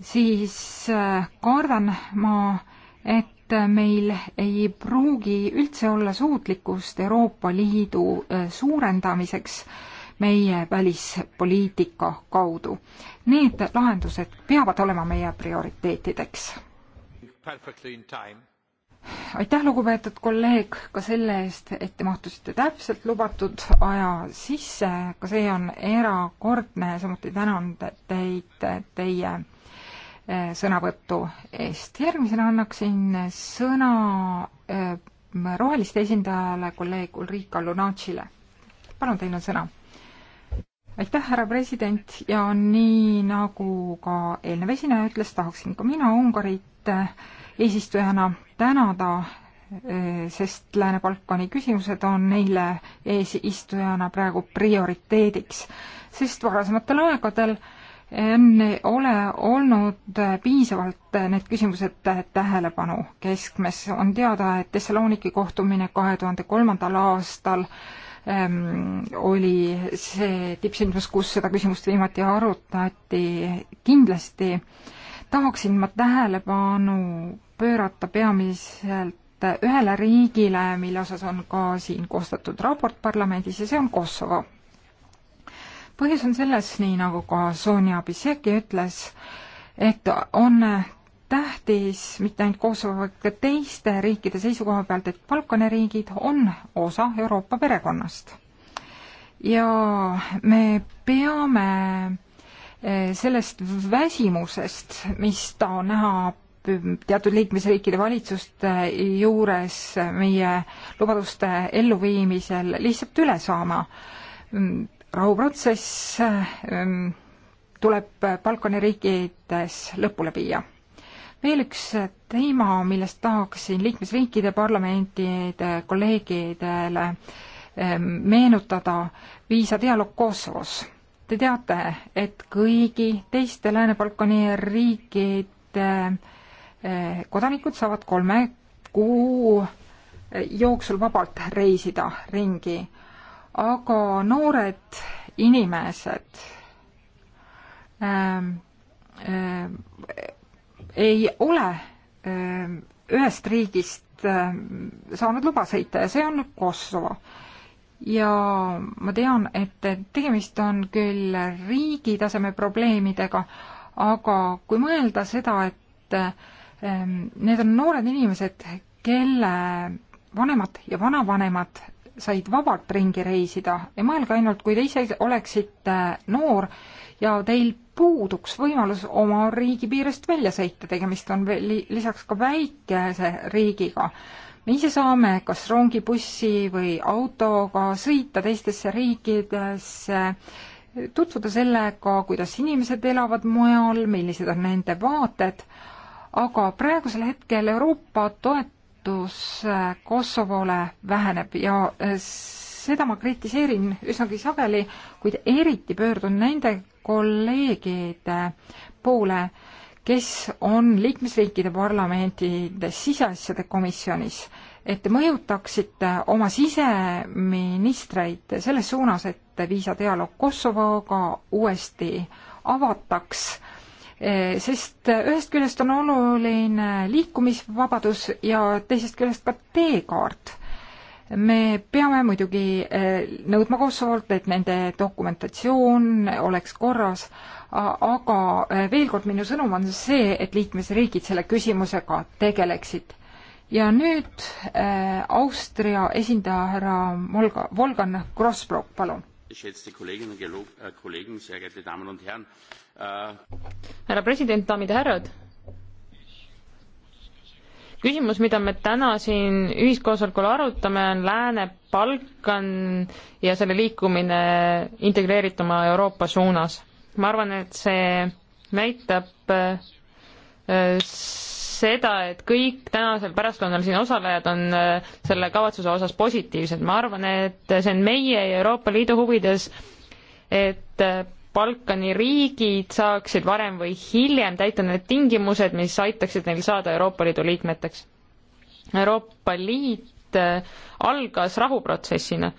siis äh, kardan ma, et meil ei pruugi üldse olla suutlikkust Euroopa Liidu äh, suurendamiseks meie välispoliitika kaudu. Need lahendused peavad olema meie prioriteetideks aitäh, lugupeetud kolleeg, ka selle eest, et te mahtusite täpselt lubatud aja sisse, ka see on erakordne, samuti tänan teid teie eh, sõnavõtu eest. järgmisena annaksin sõna eh, roheliste esindajale, kolleeg Ulrika Lunatšile. palun, teil on sõna aitäh, härra president ja nii nagu ka eelnev esineja ütles, tahaksin ka mina Ungarit teid eh, eesistujana tänada, eh, sest Lääne-Balkani küsimused on neile eesistujana praegu prioriteediks, sest varasematel aegadel enne eh, ole olnud piisavalt need küsimused tähelepanu keskmes. on teada, et Thessaloniki kohtumine kahe tuhande kolmandal aastal ähm, oli see tippsündmus, kus seda küsimust viimati arutati. kindlasti äh, tahaksin ma tähelepanu pöörata peamiselt ühele riigile, mille osas on ka siin koostatud raport parlamendis ja see on Kosovo. põhjus on selles, nii nagu ka Sonja Biseki ütles, et on tähtis mitte ainult Kosovo, vaid ka teiste riikide seisukoha pealt, et Balkani riigid on osa Euroopa perekonnast. ja me peame Eh, sellest väsimusest, mis ta näha teatud liikmesriikide valitsuste juures meie lubaduste elluviimisel lihtsalt üle saama. Mm, rahuprotsess mm, tuleb Balkani riikides lõpule viia. veel üks teema, millest tahaksin liikmesriikide parlamentide kolleegidele mm, meenutada, viisadialoog Kosovos Te teate, et kõigi teiste Lääne-Balkani riikide eh, kodanikud saavad kolme kuu eh, jooksul vabalt reisida ringi, aga noored inimesed ähm, ähm, ei ole ähm, ühest riigist ähm, saanud luba sõita ja see on Kosovo äh, ja ma tean, et tegemist on küll riigi taseme probleemidega, aga kui mõelda seda, et ehm, need on noored inimesed, kelle vanemad ja vanavanemad said vabalt ringi reisida ja mõelge ainult, kui te ise oleksite noor ja teil puuduks võimalus oma riigi piirest välja sõita, tegemist on veel lisaks ka väikese riigiga me ise saame kas rongi, bussi või autoga sõita teistesse riikidesse, tutvuda sellega, kuidas inimesed elavad mujal, millised on nende vaated, aga praegusel hetkel Euroopa toetus Kosovole väheneb ja eh, seda ma kritiseerin üsnagi sageli, kuid eriti pöördun nende kolleegide poole, kes on liikmesriikide parlamentide siseasjade komisjonis, et te mõjutaksite oma siseministreid selles suunas, et viisadialoog Kosovoga uuesti avataks, eh, sest ühest küljest on oluline liikumisvabadus ja teisest küljest ka teekaart me peame muidugi eh, nõudma Kosovolt, et nende dokumentatsioon oleks korras, aga eh, veel kord, minu sõnum on see, et liikmesriigid selle küsimusega tegeleksid. ja nüüd äh, Austria esindaja härra Volga, Volgan Grossbrock, palun. Äh, äh, härra president, daamid ja härrad küsimus, mida me täna siin ühiskoosolekul arutame, on Lääne-Balkan ja selle liikumine integreerituma Euroopa suunas. ma arvan, et see näitab äh, seda, et kõik tänasel pärastlõunal siin osalejad on äh, selle kavatsuse osas positiivsed, ma arvan, et see on meie ja Euroopa Liidu huvides, et äh, Balkani riigid saaksid varem või hiljem täita need tingimused, mis aitaksid neil saada Euroopa Liidu liikmeteks. Euroopa Liit äh, algas rahuprotsessina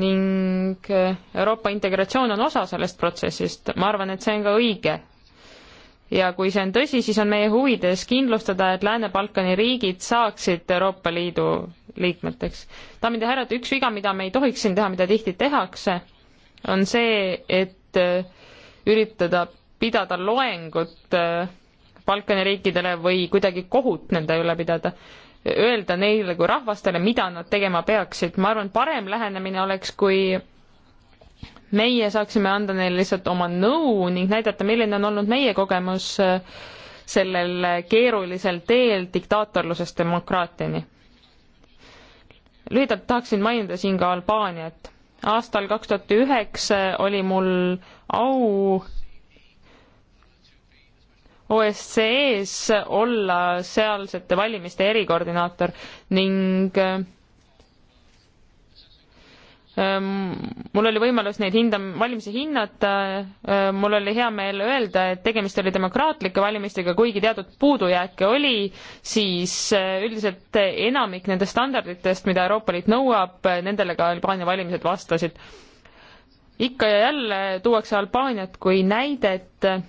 ning äh, Euroopa integratsioon on osa sellest protsessist, ma arvan, et see on ka õige. ja kui see on tõsi, siis on meie huvides kindlustada, et Lääne-Balkani riigid saaksid Euroopa Liidu liikmeteks. daamid ja härrad, üks viga, mida me ei tohiks siin teha, mida tihti tehakse, on see, et äh, üritada pidada loengut äh, Balkani riikidele või kuidagi kohut nende üle pidada, öelda neile kui rahvastele, mida nad tegema peaksid. ma arvan, parem lähenemine oleks, kui meie saaksime anda neile lihtsalt oma nõu ning näidata, milline on olnud meie kogemus äh, sellel keerulisel teel diktaatorlusest demokraatiani. lühidalt tahaksin mainida siin ka Albaaniat aastal kaks tuhat üheksa oli mul au OSCE-s olla sealsete valimiste erikoordinaator ning äh, Ehm, mul oli võimalus neid hindam-, valimisi hinnata, ehm, mul oli hea meel öelda, et tegemist oli demokraatlike valimistega, kuigi teatud puudujääke oli, siis eh, üldiselt enamik nendest standarditest, mida Euroopa Liit nõuab, eh, nendele ka Albaania valimised vastasid. ikka ja jälle tuuakse Albaaniat kui näidet eh,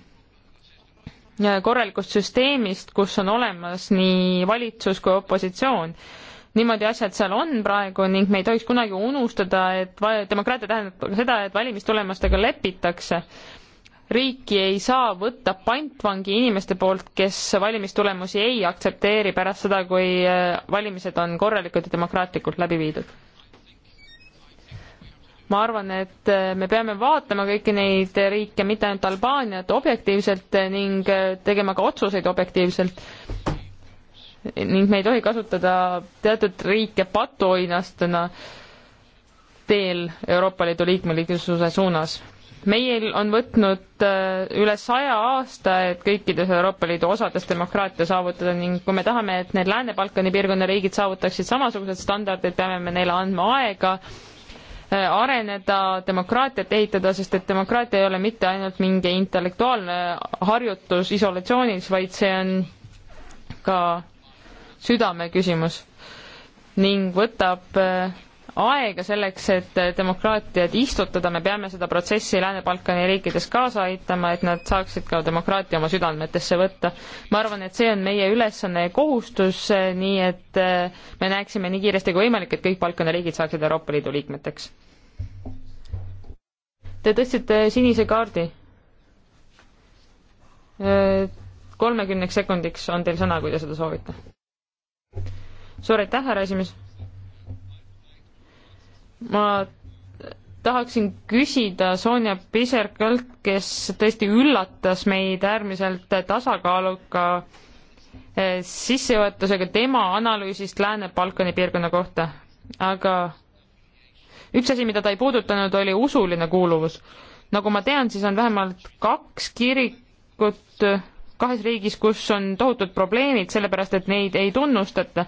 korralikust süsteemist, kus on olemas nii valitsus kui opositsioon niimoodi asjad seal on praegu ning me ei tohiks kunagi unustada, et demokraatia tähendab ka seda, et valimistulemustega lepitakse. riiki ei saa võtta pantvangi inimeste poolt, kes valimistulemusi ei aktsepteeri pärast seda, kui äh, valimised on korralikult ja demokraatlikult läbi viidud ma arvan, et äh, me peame vaatlema kõiki neid riike, mitte ainult Albaaniat objektiivselt äh, ning tegema ka otsuseid objektiivselt ning me ei tohi kasutada teatud riike patuoinastena teel Euroopa Liidu liikmelisuse suunas. meil on võtnud äh, üle saja aasta, et kõikides Euroopa Liidu osades demokraatia saavutada ning kui me tahame, et need Lääne-Balkani piirkonna riigid saavutaksid samasugused standardid, peame me neile andma aega äh, areneda, demokraatiat ehitada, sest et demokraatia ei ole mitte ainult mingi intellektuaalne harjutus isolatsioonis, vaid see on ka südameküsimus ning võtab äh, aega selleks, et äh, demokraatiat istutada, me peame seda protsessi Lääne-Balkani riikides kaasa aitama, et nad saaksid ka demokraatia oma südametesse võtta. ma arvan, et see on meie ülesanne ja kohustus, äh, nii et me näeksime nii kiiresti kui võimalik, et kõik Balkani riigid saaksid Euroopa Liidu liikmeteks. Te tõstsite sinise kaardi. kolmekümneks sekundiks on teil sõna, kui te seda soovite suur aitäh, härra esimees! ma tahaksin küsida Sonja Piserkalt, kes tõesti üllatas meid äärmiselt tasakaaluka eh, sissejuhatusega tema analüüsist Lääne-Balkani piirkonna kohta, aga üks asi, mida ta ei puudutanud, oli usuline kuuluvus. nagu ma tean, siis on vähemalt kaks kirikut kahes riigis, kus on tohutud probleemid, sellepärast et neid ei tunnustata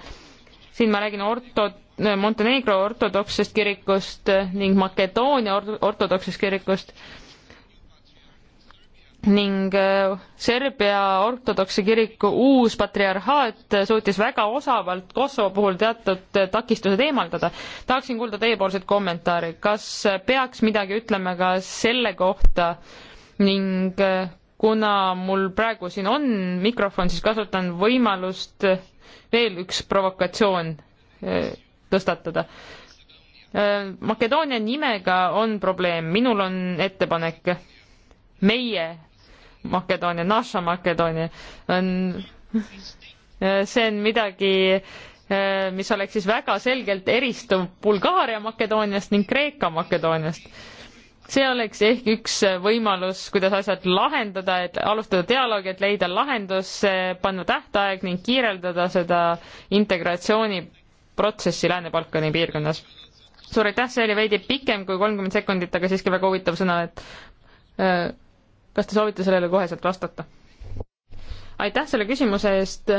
siin ma räägin orto-, Montenegro ortodoksest kirikust ning Makedoonia ortodoksest kirikust ning äh, Serbia ortodokse kiriku uus patriarhaat suutis väga osavalt Kosovo puhul teatud äh, takistused eemaldada. tahaksin kuulda teiepoolset kommentaari, kas äh, peaks midagi ütlema ka selle kohta ning kuna mul praegu siin on mikrofon, siis kasutan võimalust veel üks provokatsioon eh, tõstatada. Eh, Makedoonia nimega on probleem, minul on ettepanek. meie Makedoonia, naša Makedoonia on, eh, see on midagi, mis oleks siis väga selgelt eristuv Bulgaaria Makedooniast ning Kreeka Makedooniast see oleks ehk üks võimalus, kuidas asjad lahendada, et alustada dialoogi, et leida lahendus, eh, panna tähtaeg ning kiireldada seda integratsiooniprotsessi Lääne-Balkani piirkonnas. suur aitäh, see oli veidi pikem kui kolmkümmend sekundit, aga siiski väga huvitav sõna, et eh, kas te soovite sellele koheselt vastata? aitäh selle küsimuse eest.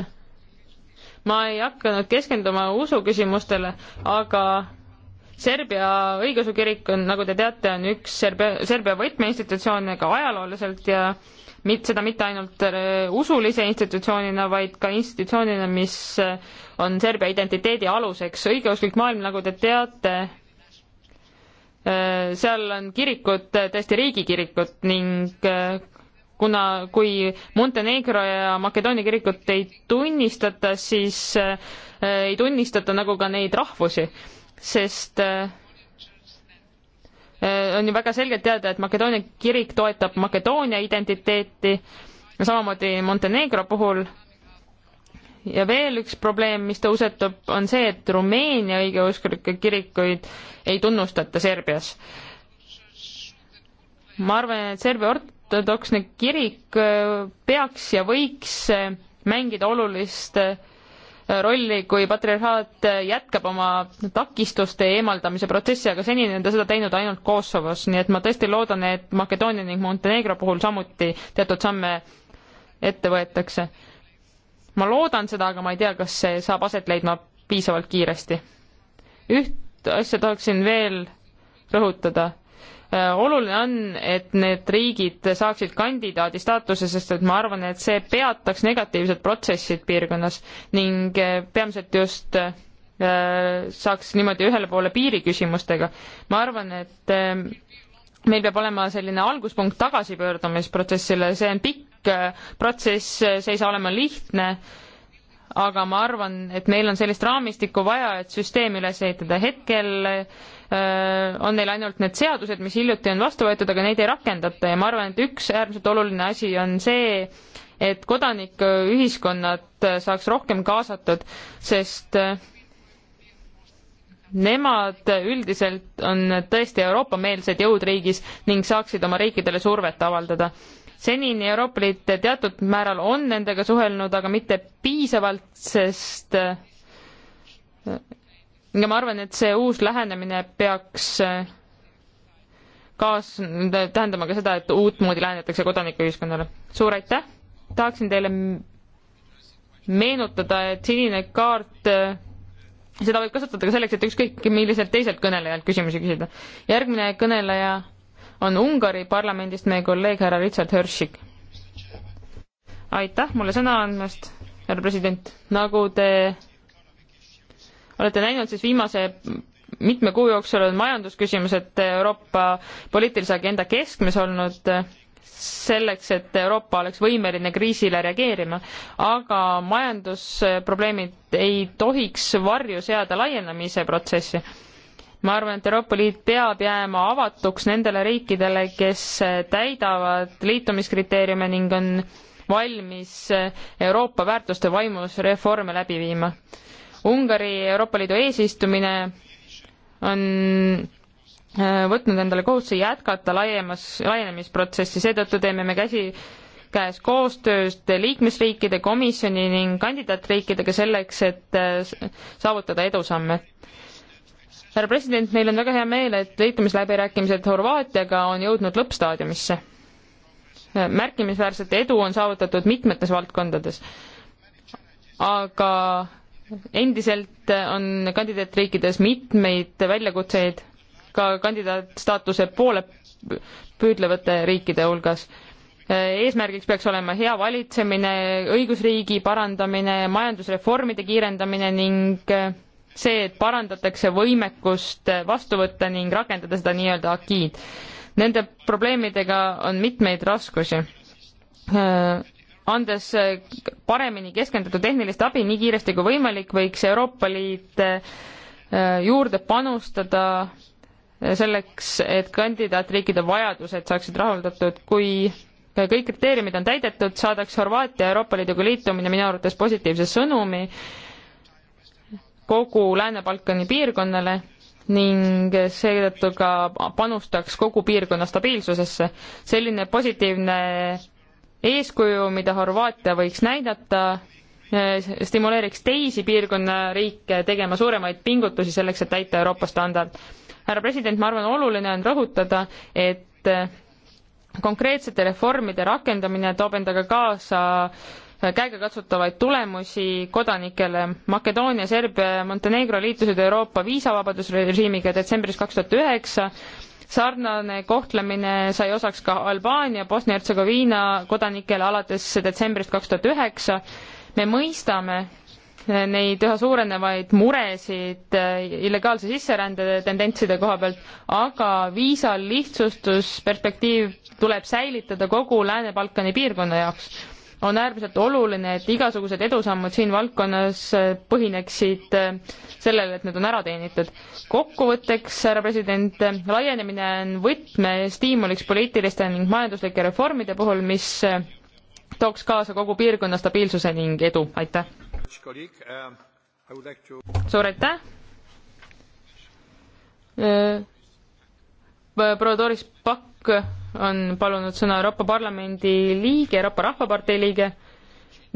ma ei hakanud keskenduma usuküsimustele, aga Serbia õigeusu kirik on, nagu te teate, on üks Serbia, Serbia võtmeinstitutsioone ka ajalooliselt ja mit-, seda mitte ainult äh, usulise institutsioonina, vaid ka institutsioonina, mis äh, on Serbia identiteedi aluseks. õigeusklik maailm, nagu te teate, äh, seal on kirikud tõesti riigikirikud ning kuna, kui Montenegro ja Makedoonia kirikut ei tunnistata, siis ei tunnistata nagu ka neid rahvusi sest äh, äh, on ju väga selgelt teada, et Makedoonia kirik toetab Makedoonia identiteeti, samamoodi Montenegro puhul. ja veel üks probleem, mis tõusetub, on see, et Rumeenia õigeusklikke kirikuid ei tunnustata Serbias. ma arvan, et Serbia ortodoksne kirik äh, peaks ja võiks mängida olulist äh, rolli, kui patriarhaat jätkab oma takistuste eemaldamise protsessi, aga senini on ta seda teinud ainult Kosovos, nii et ma tõesti loodan, et Makedoonia ning Montenegro puhul samuti teatud samme ette võetakse. ma loodan seda, aga ma ei tea, kas see saab aset leidma piisavalt kiiresti. üht asja tahaksin veel rõhutada Äh, oluline on, et need riigid saaksid kandidaadi staatuse, sest et ma arvan, et see peataks negatiivsed protsessid piirkonnas ning äh, peamiselt just äh, saaks niimoodi ühele poole piiri küsimustega. ma arvan, et meil peab olema selline alguspunkt tagasipöördumisprotsessile, see on pikk protsess, see ei saa olema lihtne aga ma arvan, et meil on sellist raamistikku vaja, et süsteem üles ehitada. hetkel öö, äh, on neil ainult need seadused, mis hiljuti on vastu võetud, aga neid ei rakendata ja ma arvan, et üks äärmiselt oluline asi on see, et kodanikuühiskonnad saaks rohkem kaasatud, sest äh, nemad üldiselt on tõesti Euroopa-meelsed jõud riigis ning saaksid oma riikidele survet avaldada senini Euroopa Liit teatud määral on nendega suhelnud, aga mitte piisavalt, sest ja ma arvan, et see uus lähenemine peaks kaas-, tähendama ka seda, et uutmoodi lähenetakse kodanikuühiskonnale. suur aitäh, tahaksin teile meenutada, et sinine kaart, seda võib kasutada ka selleks, et ükskõik milliselt teiselt kõnelejalt küsimusi küsida. järgmine kõneleja on Ungari parlamendist meie kolleeg härra Richard Hörschik. aitäh mulle sõna andmast, härra president. nagu te olete näinud, siis viimase mitme kuu jooksul on majandusküsimused Euroopa poliitilise agenda keskmes olnud selleks, et Euroopa oleks võimeline kriisile reageerima, aga majandusprobleemid ei tohiks varju seada laienemise protsessi ma arvan, et Euroopa Liit peab jääma avatuks nendele riikidele, kes täidavad liitumiskriteeriume ning on valmis Euroopa väärtuste vaimus reforme läbi viima. Ungari Euroopa Liidu eesistumine on äh, võtnud endale kohustuse jätkata laiemas, laienemisprotsessi, seetõttu teeme me käsi käes koostööst liikmesriikide komisjoni ning kandidaatriikidega selleks, et äh, saavutada edusamme härra president, meil on väga hea meel, et liitumisläbirääkimised Horvaatiaga on jõudnud lõppstaadiumisse. märkimisväärset edu on saavutatud mitmetes valdkondades, aga endiselt on kandidaatriikides mitmeid väljakutseid ka kandidaatstaatuse poole püüdlevate riikide hulgas eesmärgiks peaks olema hea valitsemine, õigusriigi parandamine, majandusreformide kiirendamine ning see, et parandatakse võimekust vastu võtta ning rakendada seda nii-öelda akiid. Nende probleemidega on mitmeid raskusi. andes paremini keskendutud tehnilist abi nii kiiresti kui võimalik, võiks Euroopa Liit eh, juurde panustada selleks, et kandidaatriikide vajadused saaksid rahuldatud, kui kõik kriteeriumid on täidetud, saadaks Horvaatia Euroopa Liiduga liitumine minu arvates positiivse sõnumi kogu Lääne-Balkani piirkonnale ning seetõttu ka panustaks kogu piirkonna stabiilsusesse. selline positiivne eeskuju, mida Horvaatia võiks näidata, eh, stimuleeriks teisi piirkonna riike tegema suuremaid pingutusi selleks, et täita Euroopa standard. härra president, ma arvan, oluline on rõhutada, et eh, konkreetsete reformide rakendamine toob endaga kaasa käegakatsutavaid tulemusi kodanikele. Makedoonia, Serbia ja Montenegro liitusid Euroopa viisavabadusrežiimiga detsembris kaks tuhat üheksa. sarnane kohtlemine sai osaks ka Albaania, Bosnia-Hertsegoviina kodanikele alates detsembrist kaks tuhat üheksa. me mõistame neid üha suurenevaid muresid illegaalse sisserände tendentside koha pealt, aga viisa lihtsustusperspektiiv tuleb säilitada kogu Lääne-Balkani piirkonna jaoks on äärmiselt oluline, et igasugused edusammud siin valdkonnas põhineksid äh, sellele, et need on ära teenitud. kokkuvõtteks, härra president, laienemine on võtmestiimuliks poliitiliste ning majanduslike reformide puhul, mis äh, tooks kaasa kogu piirkonna stabiilsuse ning edu, aitäh! suur aitäh! Äh, proua Doris Pakk on palunud sõna Euroopa Parlamendi liige, Euroopa Rahvapartei liige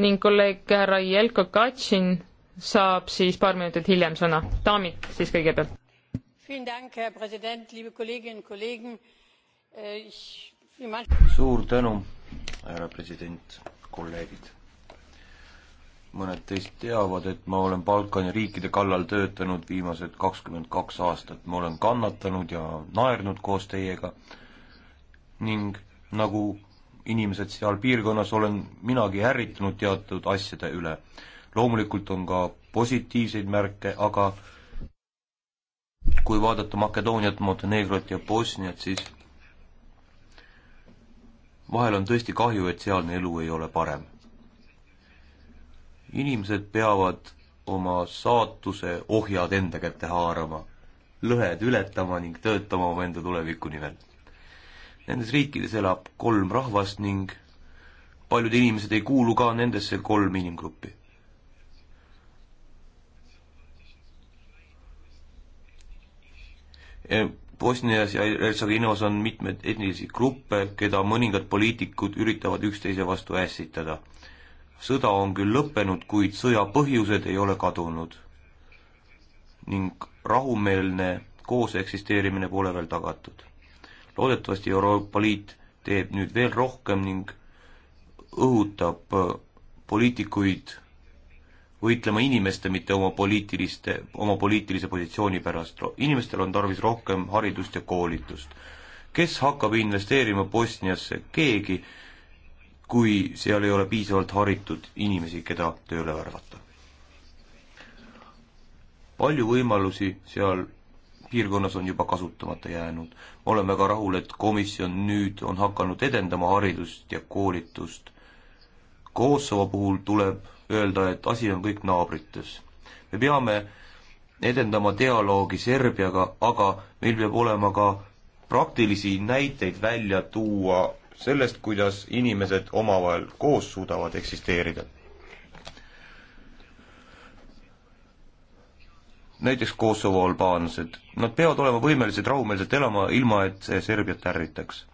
ning kolleeg härra Jelko Katšin saab siis paar minutit hiljem sõna. daamid siis kõigepealt. Äh, suur tänu, härra president, kolleegid. mõned teist teavad, et ma olen Balkani riikide kallal töötanud viimased kakskümmend kaks aastat. ma olen kannatanud ja naernud koos teiega ning nagu inimesed seal piirkonnas olen minagi ärritunud teatud asjade üle. loomulikult on ka positiivseid märke, aga kui vaadata Makedooniat, Montenegrot ja Bosniat, siis vahel on tõesti kahju, et sealne elu ei ole parem. inimesed peavad oma saatuse ohjad enda kätte haarama, lõhed ületama ning töötama omaenda tuleviku nimel Nendes riikides elab kolm rahvast ning paljud inimesed ei kuulu ka nendesse kolm inimgruppi. E, Bosnias ja Hertseginas on mitmeid etnilisi gruppe, keda mõningad poliitikud üritavad üksteise vastu ässitada. sõda on küll lõppenud, kuid sõja põhjused ei ole kadunud. ning rahumeelne kooseksisteerimine pole veel tagatud loodetavasti Euroopa Liit teeb nüüd veel rohkem ning õhutab äh, poliitikuid võitlema inimeste, mitte oma poliitiliste, oma poliitilise positsiooni pärast. inimestel on tarvis rohkem haridust ja koolitust. kes hakkab investeerima Bosniasse? keegi, kui seal ei ole piisavalt haritud inimesi, keda tööle värvata. palju võimalusi seal piirkonnas on juba kasutamata jäänud oleme ka rahul, et komisjon nüüd on hakanud edendama haridust ja koolitust. Kosovo puhul tuleb öelda, et asi on kõik naabrites. me peame edendama dialoogi Serbiaga, aga meil peab olema ka praktilisi näiteid välja tuua sellest, kuidas inimesed omavahel koos suudavad eksisteerida. näiteks Kosovo albaanlased, nad peavad olema võimelised rahumeelselt elama, ilma et see Serbiat ärritaks.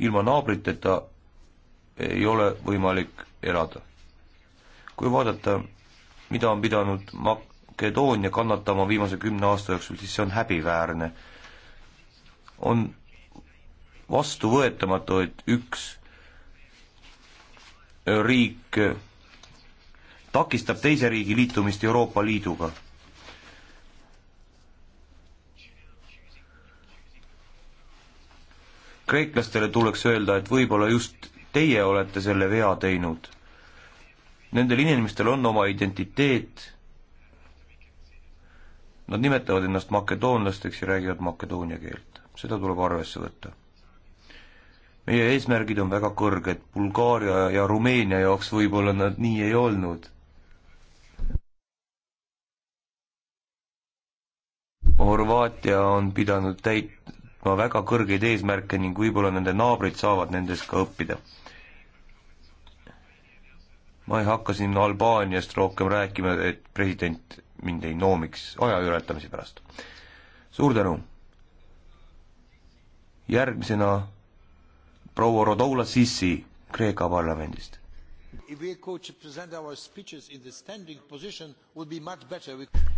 ilma naabriteta ei ole võimalik elada. kui vaadata, mida on pidanud Makedoonia kannatama viimase kümne aasta jooksul, siis see on häbiväärne. on vastuvõetamatu, et üks riik takistab teise riigi liitumist Euroopa Liiduga. kreeklastele tuleks öelda, et võib-olla just teie olete selle vea teinud. Nendel inimestel on oma identiteet, nad nimetavad ennast makedoonlasteks ja räägivad makedoonia keelt. seda tuleb arvesse võtta meie eesmärgid on väga kõrged, Bulgaaria ja Rumeenia jaoks võib-olla nad nii ei olnud. Horvaatia on pidanud täitma väga kõrgeid eesmärke ning võib-olla nende naabrid saavad nendest ka õppida. ma ei hakka siin Albaaniast rohkem rääkima, et president mind ei noomiks aja ületamise pärast. suur tänu! järgmisena proua Rodoula Sissi Kreeka parlamendist.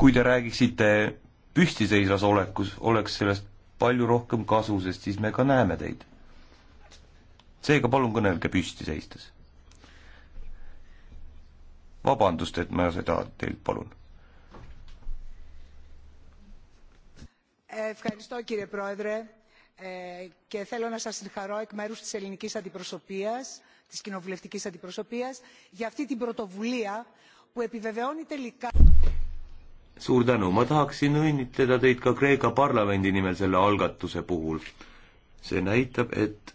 kui te räägiksite püstiseisvas olekus oleks sellest palju rohkem kasu, sest siis me ka näeme teid. seega palun kõnelge püsti seistes. vabandust, et ma seda teilt palun. Ευχαριστώ κύριε Πρόεδρε ε, και θέλω να σας συγχαρώ εκ μέρους της ελληνικής αντιπροσωπείας, της κοινοβουλευτικής αντιπροσωπείας, για αυτή την πρωτοβουλία που επιβεβαιώνει τελικά suur tänu, ma tahaksin õnnitleda teid ka Kreeka parlamendi nimel selle algatuse puhul. see näitab, et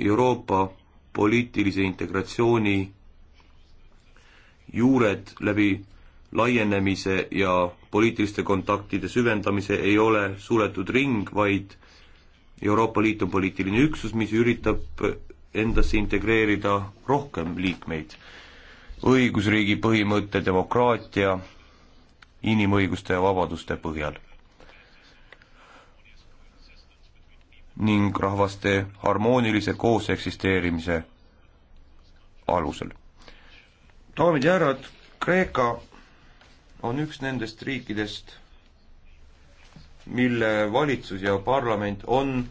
Euroopa poliitilise integratsiooni juured läbi laienemise ja poliitiliste kontaktide süvendamise ei ole suletud ring, vaid Euroopa Liit on poliitiline üksus, mis üritab endasse integreerida rohkem liikmeid. õigusriigi põhimõte, demokraatia, inimõiguste ja vabaduste põhjal. ning rahvaste harmoonilise kooseksisteerimise alusel. daamid ja härrad, Kreeka on üks nendest riikidest, mille valitsus ja parlament on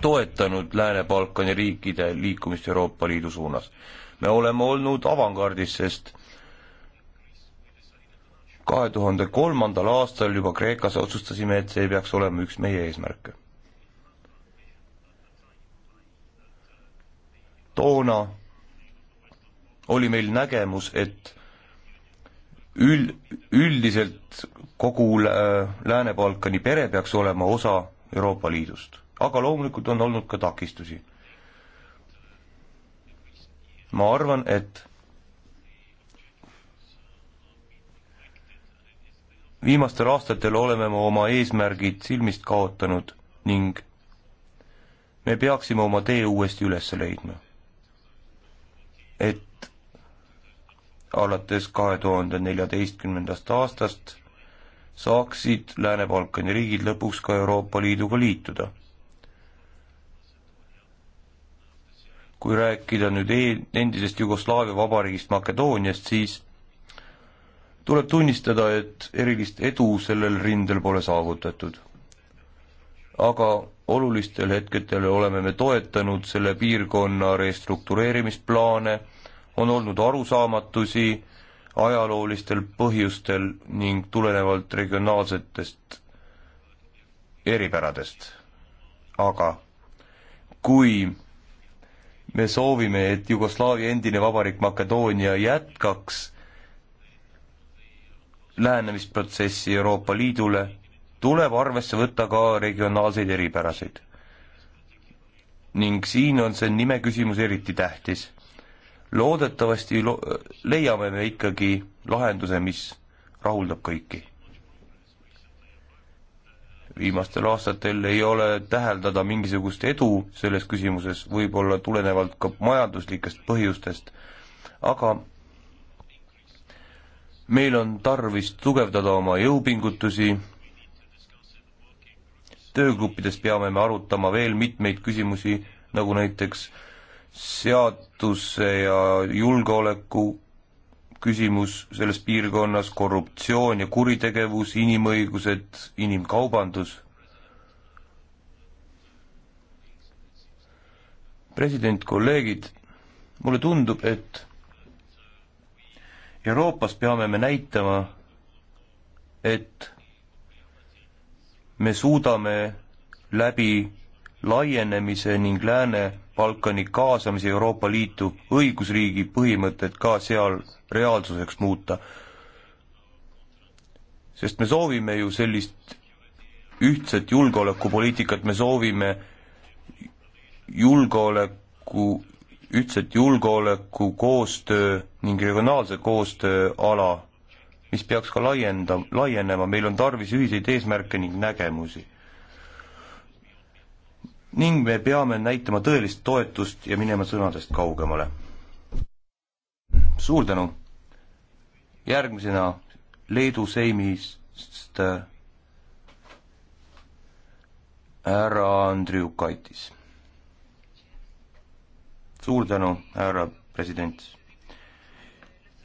toetanud Lääne-Balkani riikide liikumist Euroopa Liidu suunas. me oleme olnud avangardis, sest kahe tuhande kolmandal aastal juba Kreekas otsustasime, et see peaks olema üks meie eesmärke. toona oli meil nägemus, et ül-, üldiselt kogu Lääne-Balkani pere peaks olema osa Euroopa Liidust aga loomulikult on olnud ka takistusi. ma arvan, et viimastel aastatel oleme me oma eesmärgid silmist kaotanud ning me peaksime oma tee uuesti üles leidma. et alates kahe tuhande neljateistkümnendast aastast saaksid Lääne-Balkani riigid lõpuks ka Euroopa Liiduga liituda. kui rääkida nüüd e-, endisest Jugoslaavia vabariigist Makedooniast, siis tuleb tunnistada, et erilist edu sellel rindel pole saavutatud. aga olulistel hetkedel oleme me toetanud selle piirkonna restruktureerimisplaane, on olnud arusaamatusi ajaloolistel põhjustel ning tulenevalt regionaalsetest eripäradest. aga kui me soovime, et Jugoslaavia endine vabariik Makedoonia jätkaks lähenemisprotsessi Euroopa Liidule, tuleb arvesse võtta ka regionaalseid eripärasid. ning siin on see nime küsimus eriti tähtis. loodetavasti lo-, leiame me ikkagi lahenduse, mis rahuldab kõiki viimastel aastatel ei ole täheldada mingisugust edu selles küsimuses, võib-olla tulenevalt ka majanduslikest põhjustest, aga meil on tarvis tugevdada oma jõupingutusi, töögruppides peame me arutama veel mitmeid küsimusi, nagu näiteks seaduse ja julgeoleku küsimus selles piirkonnas, korruptsioon ja kuritegevus, inimõigused, inimkaubandus. president, kolleegid, mulle tundub, et Euroopas peame me näitama, et me suudame läbi laienemise ning Lääne-Balkani kaasamise Euroopa Liitu õigusriigi põhimõtted ka seal reaalsuseks muuta. sest me soovime ju sellist ühtset julgeolekupoliitikat, me soovime julgeoleku, ühtset julgeoleku koostöö ning regionaalse koostöö ala, mis peaks ka laienda, laienema, meil on tarvis ühiseid eesmärke ning nägemusi. ning me peame näitama tõelist toetust ja minema sõnadest kaugemale. suur tänu! järgmisena Leedu Seimist härra Andriukaitis. suur tänu, härra president.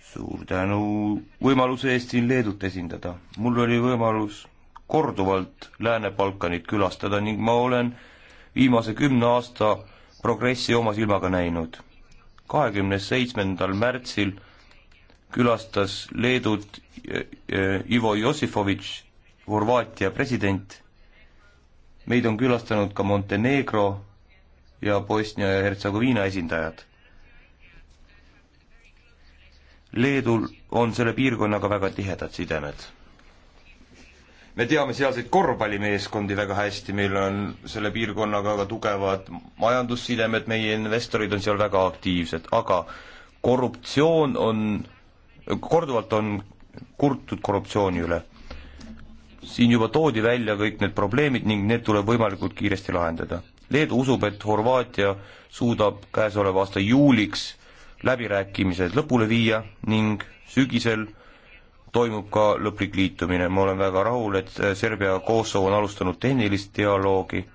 suur tänu võimaluse eest siin Leedut esindada. mul oli võimalus korduvalt Lääne-Balkanit külastada ning ma olen viimase kümne aasta progressi oma silmaga näinud. kahekümne seitsmendal märtsil külastas Leedut eh, eh, Ivo Josifovitš, Horvaatia president. meid on külastanud ka Montenegro ja Bosnia ja Hertsegoviina esindajad. Leedul on selle piirkonnaga väga tihedad sidemed. me teame sealseid korvpallimeeskondi väga hästi, meil on selle piirkonnaga ka tugevad majandussidemed, meie investorid on seal väga aktiivsed, aga korruptsioon on korduvalt on kurtud korruptsiooni üle. siin juba toodi välja kõik need probleemid ning need tuleb võimalikult kiiresti lahendada. Leedu usub, et Horvaatia suudab käesoleva aasta juuliks läbirääkimised lõpule viia ning sügisel toimub ka lõplik liitumine. ma olen väga rahul, et Serbia ja Kosovo on alustanud tehnilist dialoogi.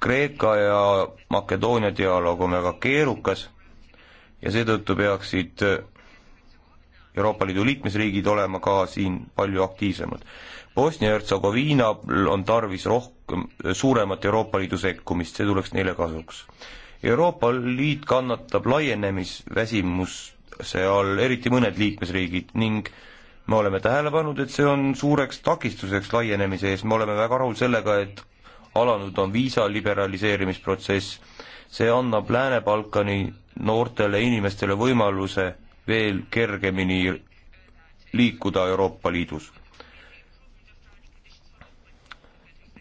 Kreeka ja Makedoonia dialoog on väga keerukas ja seetõttu peaksid Euroopa Liidu liikmesriigid olema ka siin palju aktiivsemad. Bosnia-Hertsegoviinal on tarvis rohkem, suuremat Euroopa Liidu sekkumist, see tuleks neile kasuks. Euroopa Liit kannatab laienemisväsimuse all, eriti mõned liikmesriigid, ning me oleme tähele pannud, et see on suureks takistuseks laienemise ees, me oleme väga rahul sellega, et alanud on viisa liberaliseerimisprotsess, see annab Lääne-Balkani noortele inimestele võimaluse veel kergemini liikuda Euroopa Liidus.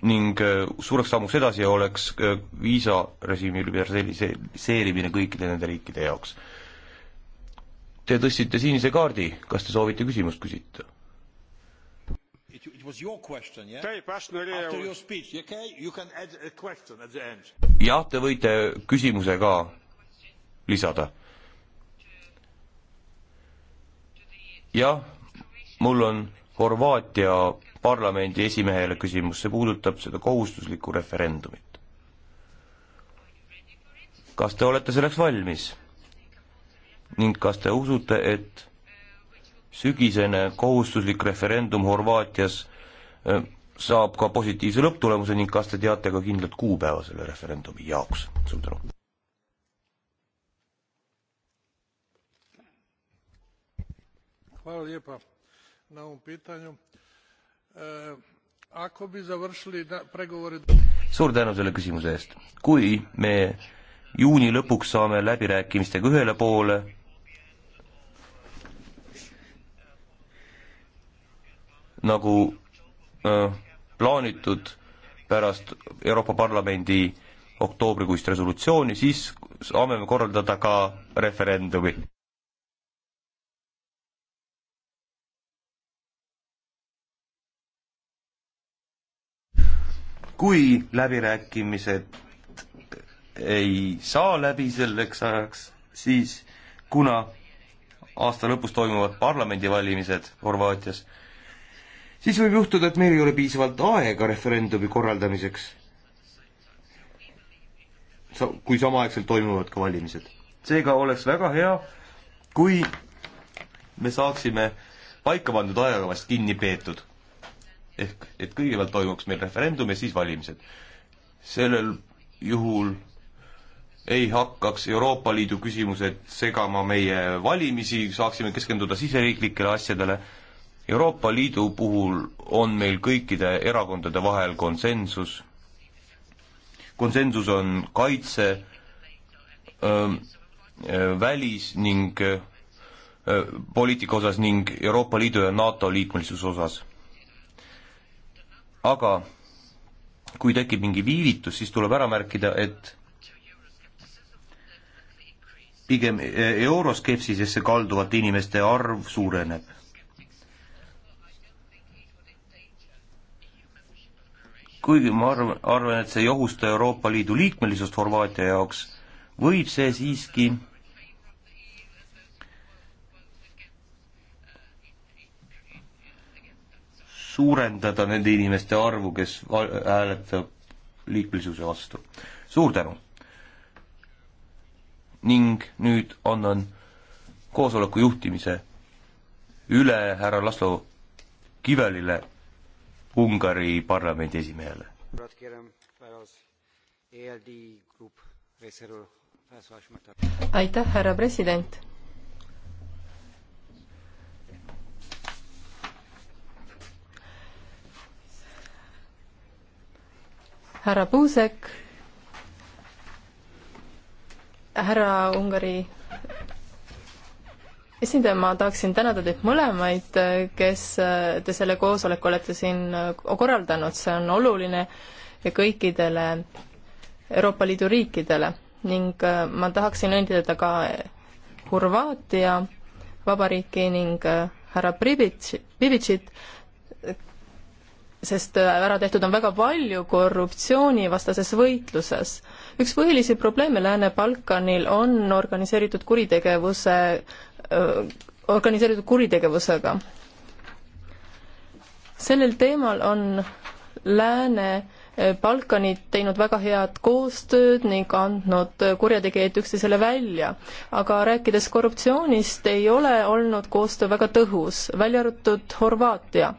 ning äh, suureks sammuks edasi oleks äh, viisarežiimi liberaliseerimine kõikide nende riikide jaoks. Te tõstsite sinise kaardi, kas te soovite küsimust küsida? jah, te võite küsimuse ka lisada jah, mul on Horvaatia parlamendi esimehele küsimus, see puudutab seda kohustuslikku referendumit. kas te olete selleks valmis? ning kas te usute, et sügisene kohustuslik referendum Horvaatias saab ka positiivse lõpptulemuse ning kas te teate ka kindlat kuupäeva selle referendumi jaoks? suur tänu! Hvala lijepa na ovom pitanju. E, ako bi završili pregovori... Suur tänu selle küsimuse eest. Kui me juuni lõpuks saame läbirääkimistega ühele poole, nagu äh, plaanitud pärast Euroopa Parlamendi oktoobrikuist resolutsiooni, siis saame me korraldada ka referendumi. kui läbirääkimised ei saa läbi selleks ajaks, siis kuna aasta lõpus toimuvad parlamendivalimised Horvaatias, siis võib juhtuda, et meil ei ole piisavalt aega referendumi korraldamiseks. sa-, kui samaaegselt toimuvad ka valimised. seega oleks väga hea, kui me saaksime paika pandud ajakavast kinni peetud ehk et kõigepealt toimuks meil referendum ja siis valimised. sellel juhul ei hakkaks Euroopa Liidu küsimused segama meie valimisi, saaksime keskenduda siseriiklikele asjadele. Euroopa Liidu puhul on meil kõikide erakondade vahel konsensus. konsensus on kaitse, välis ning poliitika osas ning Euroopa Liidu ja NATO liikmelisuse osas aga kui tekib mingi viivitus, siis tuleb ära märkida, et pigem e-, euroskepsisesse kalduvate inimeste arv suureneb. kuigi ma arvan, arvan, et see ei ohusta Euroopa Liidu liikmelisust Horvaatia jaoks, võib see siiski suurendada nende inimeste arvu, kes hääletab liikmelisuse vastu. suur tänu! ning nüüd annan koosoleku juhtimise üle härra Laslo Kivelile, Ungari parlamendi esimehele. aitäh, härra president! härra Puusek, härra Ungari esindaja, ma tahaksin tänada teid mõlemaid, kes äh, te selle koosoleku olete siin äh, korraldanud, see on oluline kõikidele Euroopa Liidu riikidele ning äh, ma tahaksin õnnitleda ka Horvaatia Vabariiki ning härra Pribitš, Pribitšit, sest äh, ära tehtud on väga palju korruptsioonivastases võitluses. üks põhilisi probleeme Lääne-Balkanil on organiseeritud kuritegevuse, äh, organiseeritud kuritegevusega. sellel teemal on Lääne Balkanid teinud väga head koostööd ning andnud kurjategijaid üksteisele välja. aga rääkides korruptsioonist, ei ole olnud koostöö väga tõhus, välja arvatud Horvaatia.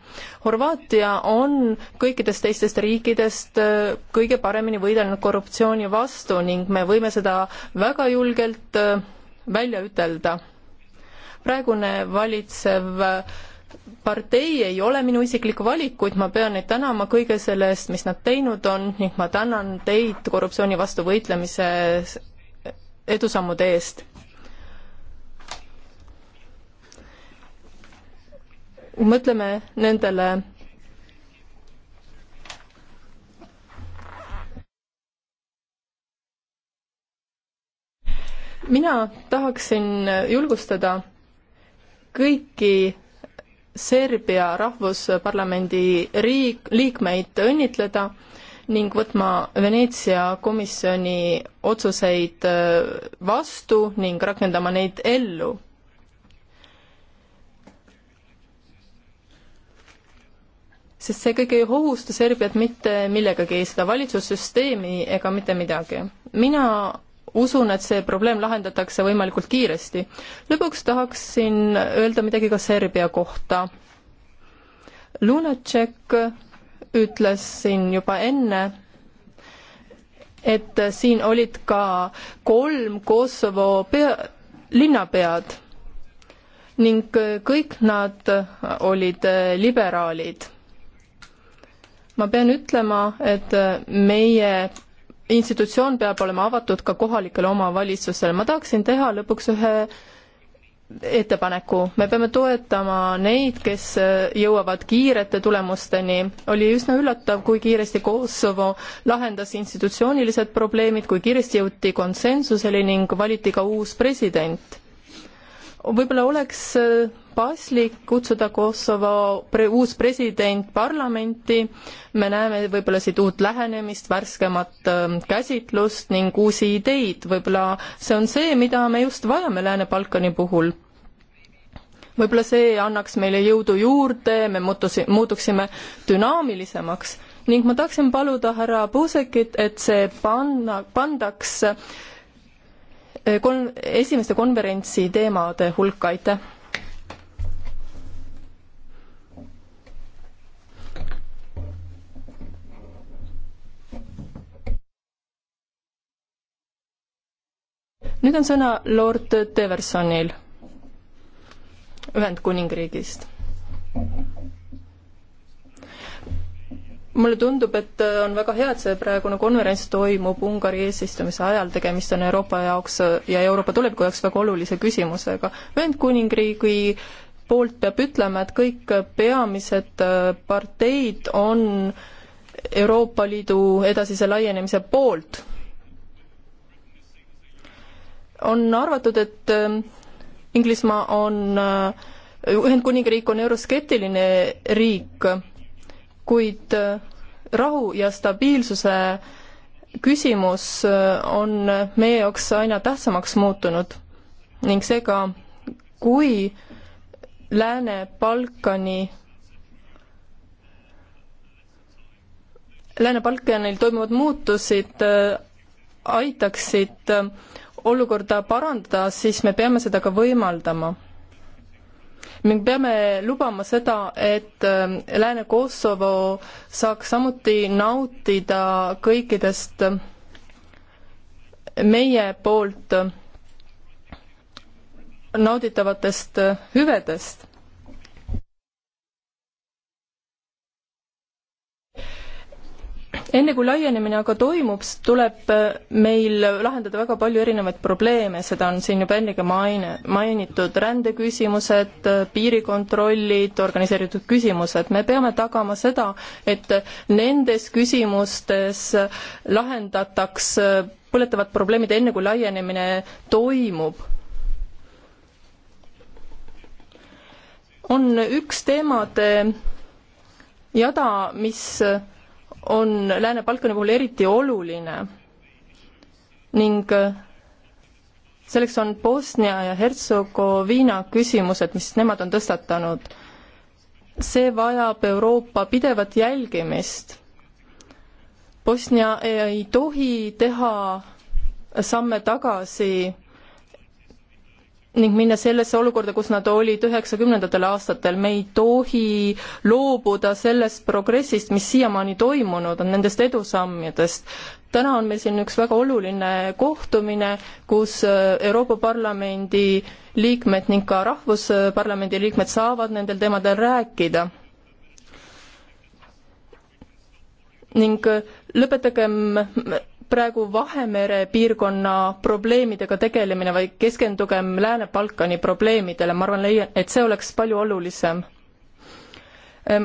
Horvaatia on kõikidest teistest riikidest äh, kõige paremini võidelnud korruptsiooni vastu ning me võime seda väga julgelt äh, välja ütelda. praegune valitsev äh, partei ei ole minu isiklik valik, kuid ma pean neid tänama kõige selle eest, mis nad teinud on ning ma tänan teid korruptsiooni vastu võitlemise edusammude eest. mõtleme nendele mina tahaksin julgustada kõiki Serbia rahvusparlamendi riik, liikmeid õnnitleda ning võtma Veneetsia komisjoni otsuseid äh, vastu ning rakendama neid ellu. sest see kõik ei ohusta Serbiat mitte millegagi, ei seda valitsussüsteemi ega mitte midagi. mina usun, et see probleem lahendatakse võimalikult kiiresti. lõpuks tahaksin öelda midagi ka Serbia kohta. Lunacek ütles siin juba enne, et siin olid ka kolm Kosovo pea, linnapead ning kõik nad olid liberaalid. ma pean ütlema, et meie institutsioon peab olema avatud ka kohalikele omavalitsustele. ma tahaksin teha lõpuks ühe ettepaneku, me peame toetama neid, kes jõuavad kiirete tulemusteni. oli üsna üllatav, kui kiiresti Kosovo lahendas institutsioonilised probleemid, kui kiiresti jõuti konsensusele ning valiti ka uus president. võib-olla oleks paslik kutsuda Kosovo pre-, uus president parlamenti, me näeme võib-olla siit uut lähenemist, värskemat äh, käsitlust ning uusi ideid, võib-olla see on see, mida me just vajame Lääne-Balkani puhul. võib-olla see annaks meile jõudu juurde, me muutusi-, muutuksime dünaamilisemaks ning ma tahaksin paluda härra Puusekit, et see panna, pandaks äh, kolm, esimeste konverentsi teemade hulka, aitäh! nüüd on sõna lord Teversonil Ühendkuningriigist. mulle tundub, et on väga hea, et see praegune konverents toimub Ungari eesistumise ajal, tegemist on Euroopa jaoks ja Euroopa tuleviku jaoks väga olulise küsimusega. Ühendkuningriigi poolt peab ütlema, et kõik peamised parteid on Euroopa Liidu edasise laienemise poolt on arvatud, et ähm, Inglismaa on, äh, Ühendkuningriik on euroskeptiline riik, kuid äh, rahu ja stabiilsuse küsimus äh, on meie jaoks aina tähtsamaks muutunud ning seega, kui Lääne-Balkani Lääne-Balkanil toimuvad muutused aitaksid äh, olukorda parandada, siis me peame seda ka võimaldama. me peame lubama seda, et ähm, Lääne-Kosovo saaks samuti nautida kõikidest ähm, meie poolt äh, nauditavatest äh, hüvedest enne kui laienemine aga toimub, tuleb äh, meil lahendada väga palju erinevaid probleeme, seda on siin juba ennegi maine, mainitud, rändeküsimused, äh, piirikontrollid, organiseeritud küsimused, me peame tagama seda, et nendes küsimustes lahendataks äh, põletavad probleemid enne, kui laienemine toimub on üks teemade jada, mis on Lääne-Balkani puhul eriti oluline ning äh, selleks on Bosnia ja Hertsegoviina küsimused, mis nemad on tõstatanud. see vajab Euroopa pidevat jälgimist. Bosnia ei tohi teha samme tagasi ning minna sellesse olukorda, kus nad olid üheksakümnendatel aastatel, me ei tohi loobuda sellest progressist, mis siiamaani toimunud on, nendest edusammidest. täna on meil siin üks väga oluline kohtumine, kus äh, Euroopa Parlamendi liikmed ning ka Rahvusparlamendi liikmed saavad nendel teemadel rääkida ning äh, lõpetagem praegu Vahemere piirkonna probleemidega tegelemine, vaid keskendugem Lääne-Balkani probleemidele, ma arvan, leian, et see oleks palju olulisem.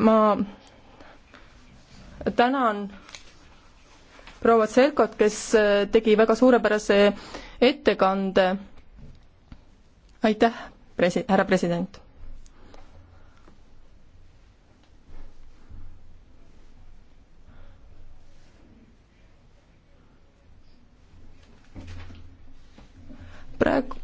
ma tänan proua Tselkot, kes äh, tegi väga suurepärase ettekande. aitäh, presi-, härra president praegu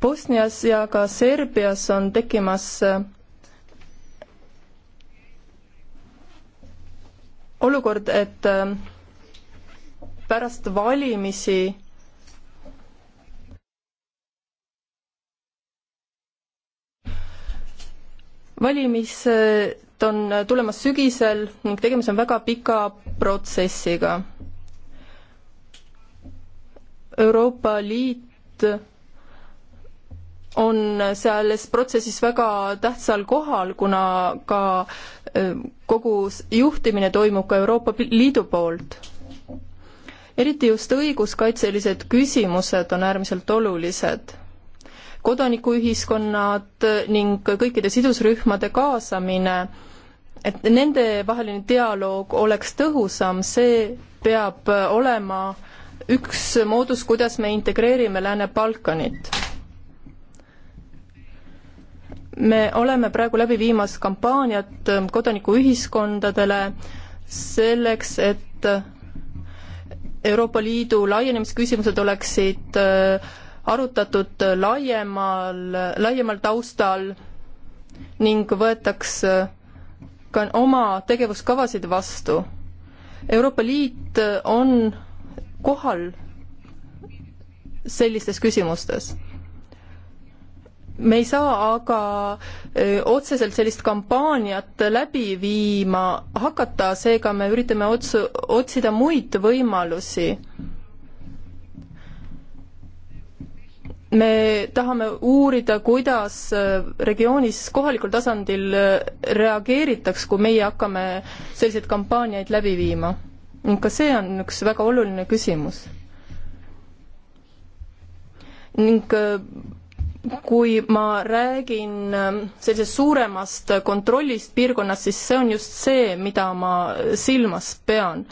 Bosnias ja ka Serbias on tekkimas äh, olukord, et äh, pärast valimisi valimis äh, raport on tulemas sügisel ning tegemist on väga pika protsessiga. Euroopa Liit on selles protsessis väga tähtsal kohal, kuna ka e, kogu juhtimine toimub ka Euroopa Liidu poolt. eriti just õiguskaitselised küsimused on äärmiselt olulised kodanikuühiskonnad ning kõikide sidusrühmade kaasamine, et nendevaheline dialoog oleks tõhusam, see peab olema üks moodus, kuidas me integreerime Lääne-Balkanit me oleme praegu läbi viimas kampaaniat kodanikuühiskondadele selleks, et Euroopa Liidu laienemisküsimused oleksid äh, arutatud laiemal, laiemal taustal ning võetaks äh, ka oma tegevuskavasid vastu. Euroopa Liit äh, on kohal sellistes küsimustes. me ei saa aga äh, otseselt sellist kampaaniat läbi viima hakata, seega me üritame ots-, otsida muid võimalusi me tahame uurida, kuidas äh, regioonis kohalikul tasandil äh, reageeritaks, kui meie hakkame selliseid kampaaniaid läbi viima. ka see on üks väga oluline küsimus. ning äh, kui ma räägin sellisest suuremast kontrollist piirkonnas, siis see on just see, mida ma silmas pean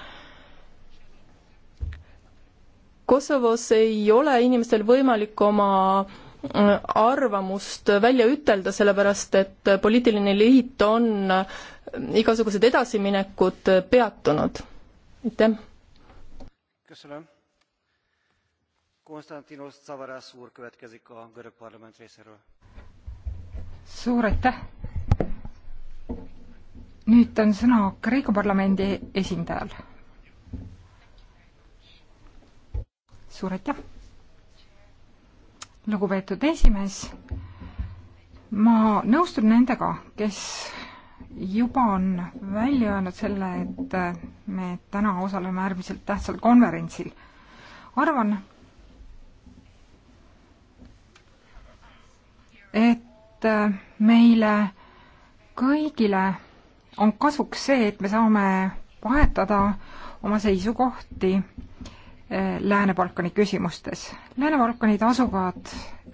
Kosovos ei ole inimestel võimalik oma äh, arvamust välja ütelda, sellepärast et poliitiline liit on äh, igasugused edasiminekud äh, peatunud. aitäh. suur aitäh. nüüd on sõna Kreeka parlamendi esindajal suur aitäh! lugupeetud esimees, ma nõustun nendega, kes juba on välja öelnud selle, et me täna osaleme äärmiselt tähtsal konverentsil. arvan, et meile kõigile on kasuks see, et me saame vahetada oma seisukohti Lääne-Balkani küsimustes. Lääne-Balkanid asuvad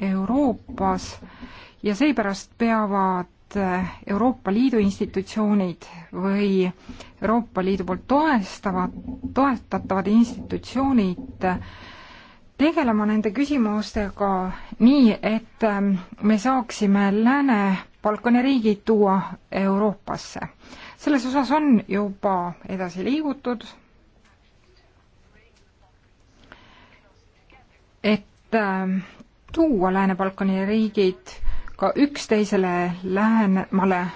Euroopas ja seepärast peavad eh, Euroopa Liidu institutsioonid või Euroopa Liidu poolt toestavad, toetatavad institutsioonid eh, tegelema nende küsimustega nii, et eh, me saaksime Lääne-Balkani riigid tuua Euroopasse. selles osas on juba edasi liigutud, et ähm, tuua Lääne-Balkani riigid ka üksteisele lähemale.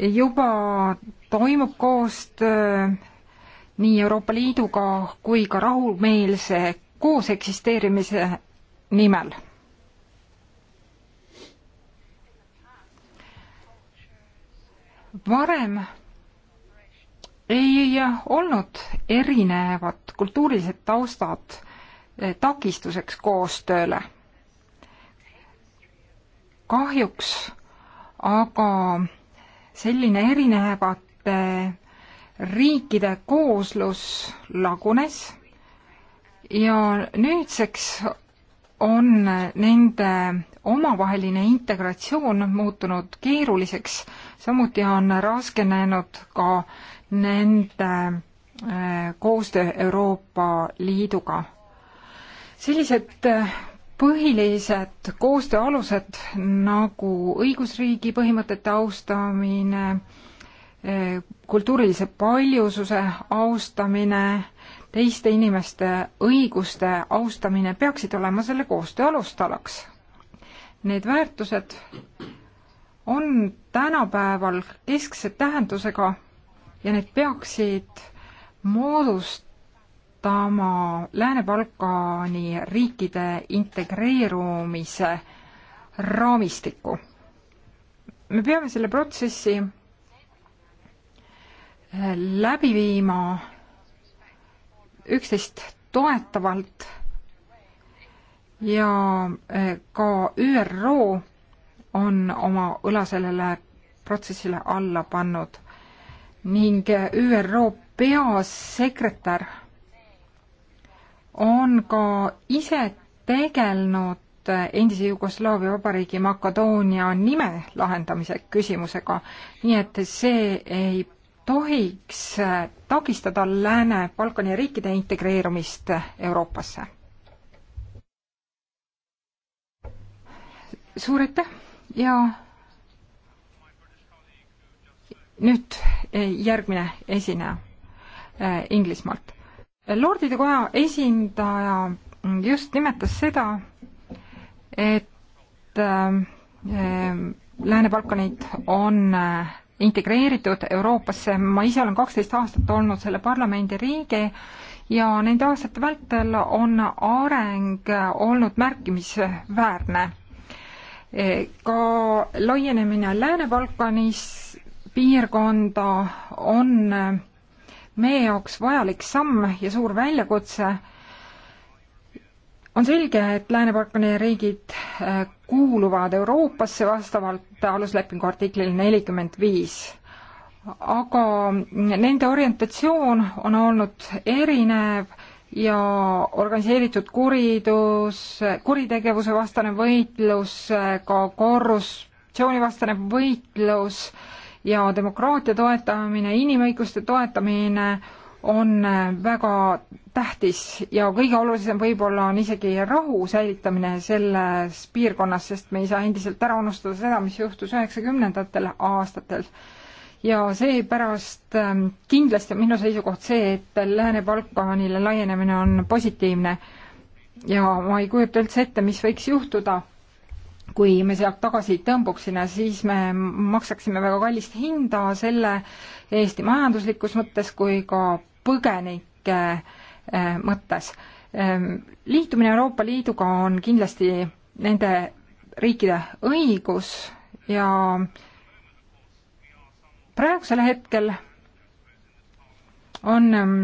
juba toimub koostöö nii Euroopa Liiduga kui ka rahumeelse kooseksisteerimise nimel. varem ei olnud erinevad kultuurilised taustad takistuseks koostööle. kahjuks aga selline erinevate riikide kooslus lagunes ja nüüdseks on nende omavaheline integratsioon muutunud keeruliseks, samuti on raskenenud ka nende eh, koostöö Euroopa Liiduga sellised äh, põhilised koostöö alused nagu õigusriigi põhimõtete austamine, äh, kultuurilise paljususe austamine, teiste inimeste õiguste austamine peaksid olema selle koostöö alustalaks. Need väärtused on tänapäeval keskse tähendusega ja need peaksid moodust-, arutama Lääne-Balkani riikide integreerumise raamistikku. me peame selle protsessi eh, läbi viima üksteist toetavalt ja eh, ka ÜRO on oma õla sellele protsessile alla pannud ning eh, ÜRO peasekretär on ka ise tegelnud endise Jugoslaavia vabariigi Makedoonia nime lahendamise küsimusega, nii et see ei tohiks takistada Lääne-Balkani riikide integreerumist Euroopasse. suur aitäh ja nüüd järgmine esineja eh, Inglismaalt lordide koja esindaja just nimetas seda, et äh, Lääne-Balkanid on äh, integreeritud Euroopasse, ma ise olen kaksteist aastat olnud selle parlamendi liige ja nende aastate vältel on areng olnud märkimisväärne. ka laienemine Lääne-Balkanis piirkonda on äh, meie jaoks vajalik samm ja suur väljakutse. on selge, et Lääne-Balkani riigid äh, kuuluvad Euroopasse vastavalt aluslepingu artiklile nelikümmend viis aga nende orientatsioon on olnud erinev ja organiseeritud kuridus, kuritegevuse vastane võitlus, äh, ka korruptsioonivastane võitlus äh, ja demokraatia toetamine, inimõiguste toetamine on väga tähtis ja kõige olulisem võib-olla on isegi rahu säilitamine selles piirkonnas, sest me ei saa endiselt ära unustada seda, mis juhtus üheksakümnendatel aastatel. ja seepärast ähm, kindlasti on minu seisukoht see, et Lääne-Balkanile laienemine on positiivne ja ma ei kujuta üldse ette, mis võiks juhtuda kui me sealt tagasi tõmbuksime, siis me maksaksime väga kallist hinda selle Eesti majanduslikus mõttes kui ka põgenike eh, mõttes. Ehm, liitumine Euroopa Liiduga on kindlasti nende riikide õigus ja praegusel hetkel on ehm,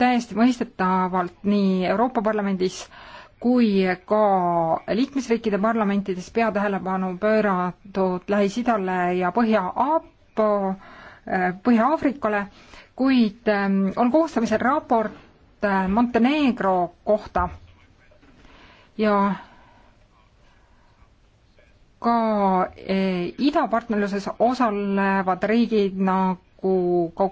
täiesti mõistetavalt nii Euroopa Parlamendis äh, kui ka liikmesriikide parlamentides peatähelepanu pööratud Lähis-Idale ja Põhja-Aapo, Põhja-Aafrikale, kuid ähm, on koostamisel raport äh, Montenegro kohta ja ka äh, idapartnerluses osalevad riigid nagu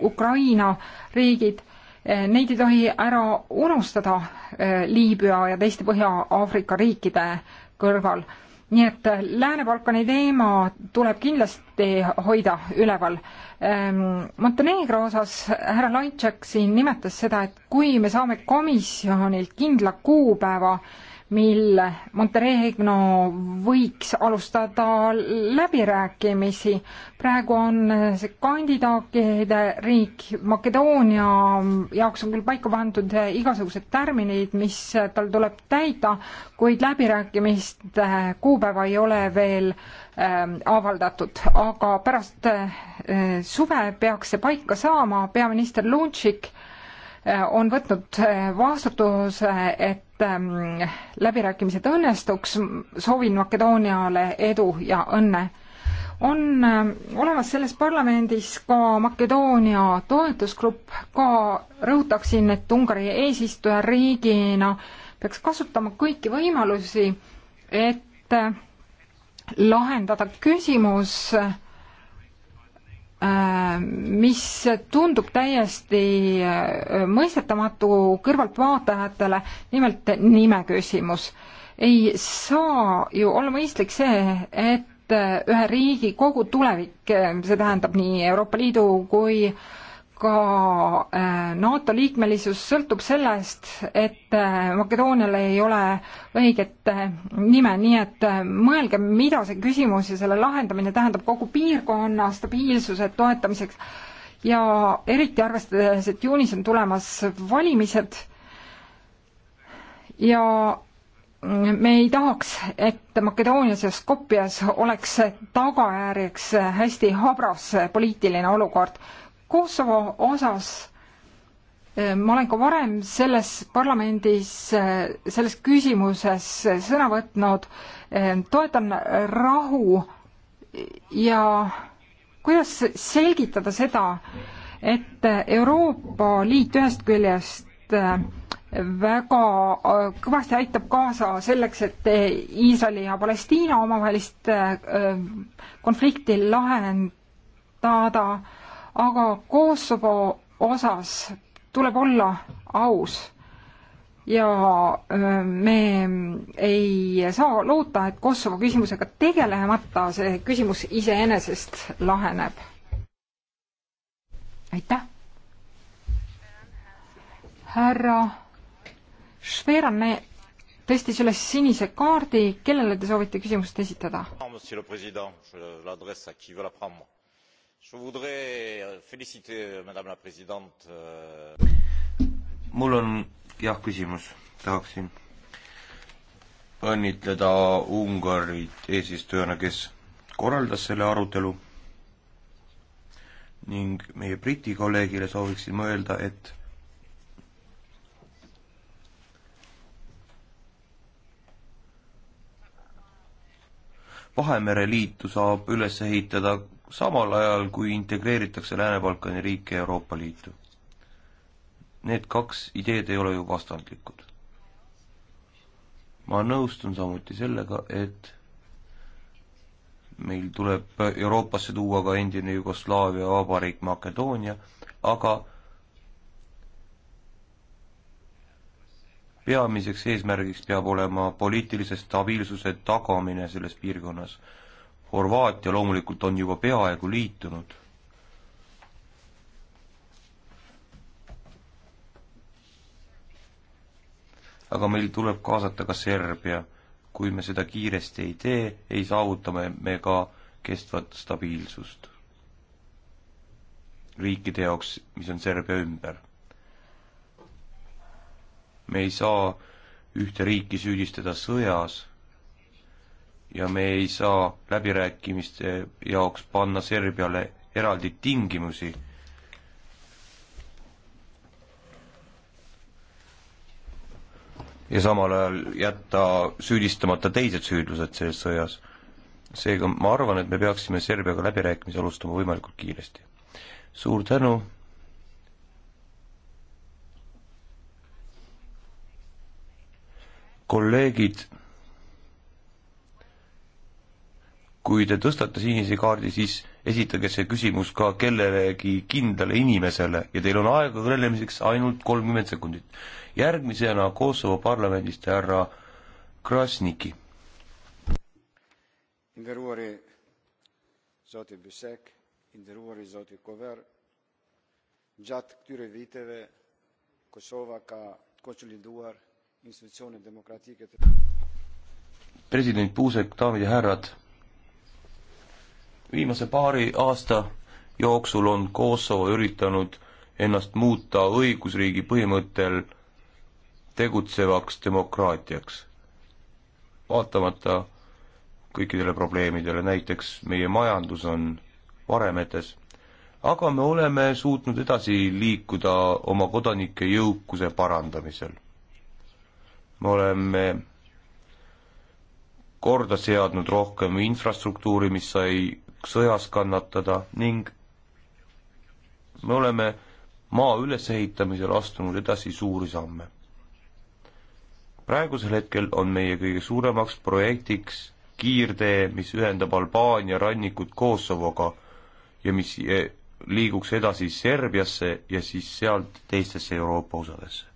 Ukraina riigid Eh, neid ei tohi ära unustada eh, Liibüa ja teiste Põhja-Aafrika riikide kõrval. nii et eh, Lääne-Balkani teema tuleb kindlasti hoida üleval. Ehm, Montenegro osas härra Laitšak siin nimetas seda, et kui me saame komisjonilt kindla kuupäeva, mil Montenegro võiks alustada läbirääkimisi. praegu on see kandidaatide riik, Makedoonia jaoks on küll paika pandud igasugused tärminid, mis tal tuleb täita, kuid läbirääkimiste kuupäeva ei ole veel ähm, avaldatud, aga pärast äh, suve peaks see paika saama, peaminister Luntšik äh, on võtnud äh, vastutuse, et Ähm, läbirääkimised õnnestuks, soovin Makedooniale edu ja õnne. on ähm, olemas selles parlamendis ka Makedoonia toetusgrupp, ka rõhutaksin, et Ungari eesistujariigina peaks kasutama kõiki võimalusi, et äh, lahendada küsimus äh, Äh, mis tundub täiesti äh, mõistetamatu kõrvaltvaatajatele, nimelt nime küsimus. ei saa ju olla mõistlik see, et äh, ühe riigi kogu tulevik, see tähendab nii Euroopa Liidu kui äh, ka äh, NATO liikmelisus sõltub sellest, et äh, Makedoonial ei ole õiget äh, nime, nii et mõelge, mida see küsimus ja selle lahendamine tähendab kogu piirkonna stabiilsuse toetamiseks ja eriti arvestades, et juunis on tulemas valimised ja me ei tahaks, et Makedoonias ja Skopjas oleks tagajärjeks hästi habras poliitiline olukord Kosovo osas eh, ma olen ka varem selles parlamendis eh, selles küsimuses eh, sõna võtnud, toetan rahu ja kuidas selgitada seda, et Euroopa Liit ühest küljest väga kõvasti aitab kaasa selleks, et Iisraeli ja Palestiina omavahelist konflikti lahendada aga Kosovo osas tuleb olla aus ja me ei saa loota, et Kosovo küsimusega tegelemata see küsimus iseenesest laheneb. aitäh. härra Šveran, me tõstis üles sinise kaardi, kellele te soovite küsimust esitada? Euh, euh, euh, mul on jah küsimus, tahaksin õnnitleda Ungarit eesistujana, kes korraldas selle arutelu ning meie Briti kolleegile sooviksin ma öelda, et Vahemere liitu saab üles ehitada samal ajal, kui integreeritakse Lääne-Balkani riike Euroopa Liitu. Need kaks ideed ei ole ju vastandlikud. ma nõustun samuti sellega, et meil tuleb Euroopasse tuua ka endine Jugoslaavia vabariik Makedoonia, aga peamiseks eesmärgiks peab olema poliitilise stabiilsuse tagamine selles piirkonnas Horvaatia loomulikult on juba peaaegu liitunud. aga meil tuleb kaasata ka Serbia. kui me seda kiiresti ei tee, ei saavuta me, me ka kestvat stabiilsust riikide jaoks, mis on Serbia ümber. me ei saa ühte riiki süüdistada sõjas ja me ei saa läbirääkimiste jaoks panna Serbiale eraldi tingimusi. ja samal ajal jätta süüdistamata teised süüdlused selles sõjas. seega ma arvan, et me peaksime Serbiaga läbirääkimisi alustama võimalikult kiiresti. suur tänu. kolleegid kui te tõstate sinise kaardi, siis esitage see küsimus ka kellelegi kindlale inimesele ja teil on aega kõnelemiseks ainult kolmkümmend sekundit. järgmisena Kosovo parlamendist härra Krasniki. gjatë këtyre viteve Kosova ka konsoliduar institucionet demokratike të president Puusek, daamid ja härrad viimase paari aasta jooksul on Kosovo üritanud ennast muuta õigusriigi põhimõttel tegutsevaks demokraatiaks. vaatamata kõikidele probleemidele, näiteks meie majandus on varemetes, aga me oleme suutnud edasi liikuda oma kodanike jõukuse parandamisel. me oleme korda seadnud rohkem infrastruktuuri, mis sai sõjas kannatada ning me oleme maa ülesehitamisel astunud edasi suuri samme. praegusel hetkel on meie kõige suuremaks projektiks kiirtee, mis ühendab Albaania rannikud Kosovoga ja mis eh, liiguks edasi Serbiasse ja siis sealt teistesse Euroopa osadesse.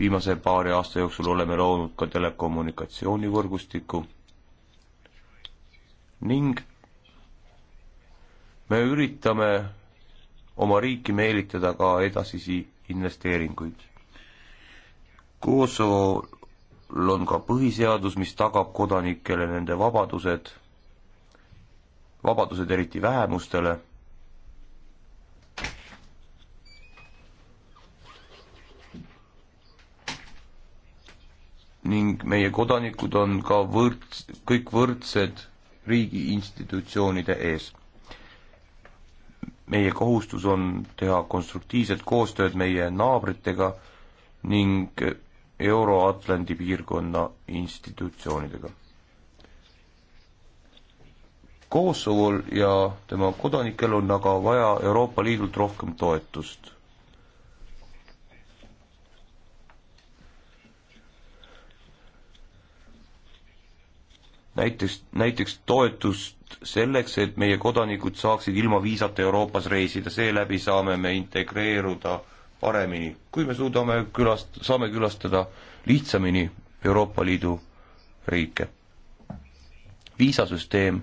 viimase paari aasta jooksul oleme loonud ka telekommunikatsioonivõrgustiku ning me üritame oma riiki meelitada ka edasisi investeeringuid. Koosol on ka põhiseadus, mis tagab kodanikele nende vabadused, vabadused eriti vähemustele ning meie kodanikud on ka võrd-, kõik võrdsed riigi institutsioonide ees. meie kohustus on teha konstruktiivset koostööd meie naabritega ning Euro-Atlandi piirkonna institutsioonidega. Kosovol ja tema kodanikel on aga vaja Euroopa Liidult rohkem toetust näiteks, näiteks toetust selleks, et meie kodanikud saaksid ilma viisata Euroopas reisida, seeläbi saame me integreeruda paremini, kui me suudame külast-, saame külastada lihtsamini Euroopa Liidu riike. viisasüsteem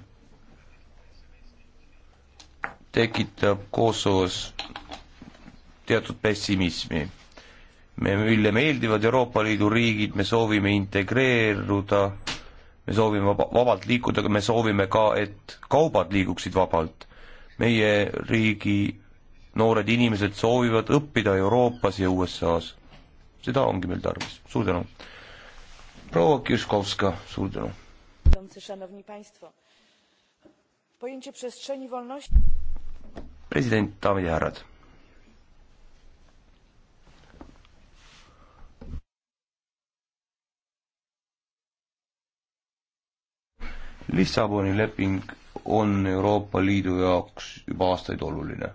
tekitab Kosovos teatud pessimismi. me, meile meeldivad Euroopa Liidu riigid, me soovime integreeruda me soovime vaba, vabalt liikuda, aga me soovime ka, et kaubad liiguksid vabalt. meie riigi noored inimesed soovivad õppida Euroopas ja USA-s. seda ongi meil tarvis, suur tänu. proua Kirskovska, suur tänu. president, daamid ja härrad Lissaboni leping on Euroopa Liidu jaoks juba aastaid oluline.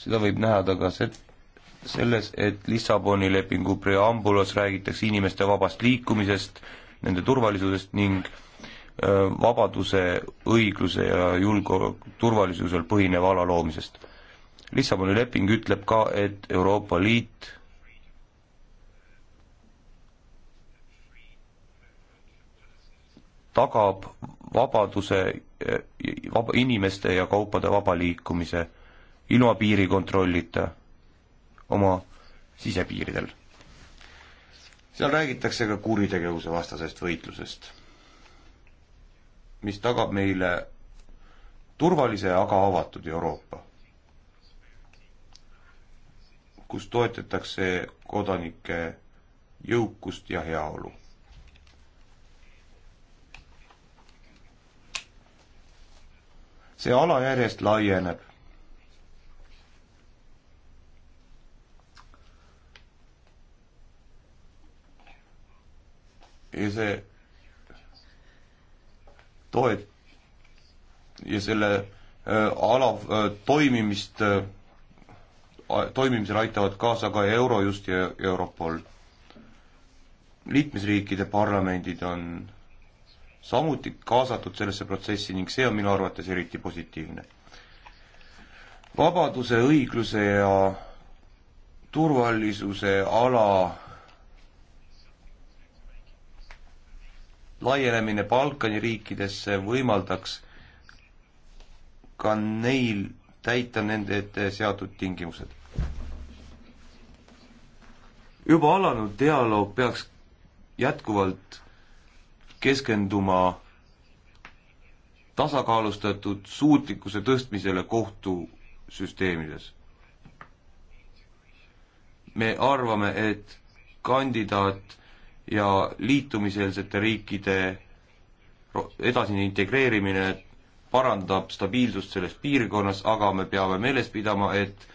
seda võib näha ka se-, selles, et Lissaboni lepingu preambulas räägitakse inimeste vabast liikumisest, nende turvalisusest ning vabaduse, õigluse ja julgeoleku, turvalisusel põhineva ala loomisest. Lissaboni leping ütleb ka, et Euroopa Liit tagab vabaduse, eh, vaba, inimeste ja kaupade vaba liikumise ilma piirikontrollita oma sisepiiridel. seal räägitakse ka kuritegevuse vastasest võitlusest, mis tagab meile turvalise, aga avatud Euroopa, kus toetatakse kodanike jõukust ja heaolu see ala järjest laieneb. ja see toet- ja selle äh, ala äh, toimimist äh, toimimisel aitavad kaasa ka Eurojust ja Europol. liikmesriikide parlamendid on samuti kaasatud sellesse protsessi ning see on minu arvates eriti positiivne. vabaduse, õigluse ja turvalisuse ala laienemine Balkani riikidesse võimaldaks ka neil täita nende ette seatud tingimused. juba alanud dialoog peaks jätkuvalt keskenduma tasakaalustatud suutlikkuse tõstmisele kohtusüsteemides. me arvame, et kandidaat ja liitumiseelsete riikide edasine integreerimine parandab stabiilsust selles piirkonnas, aga me peame meeles pidama, et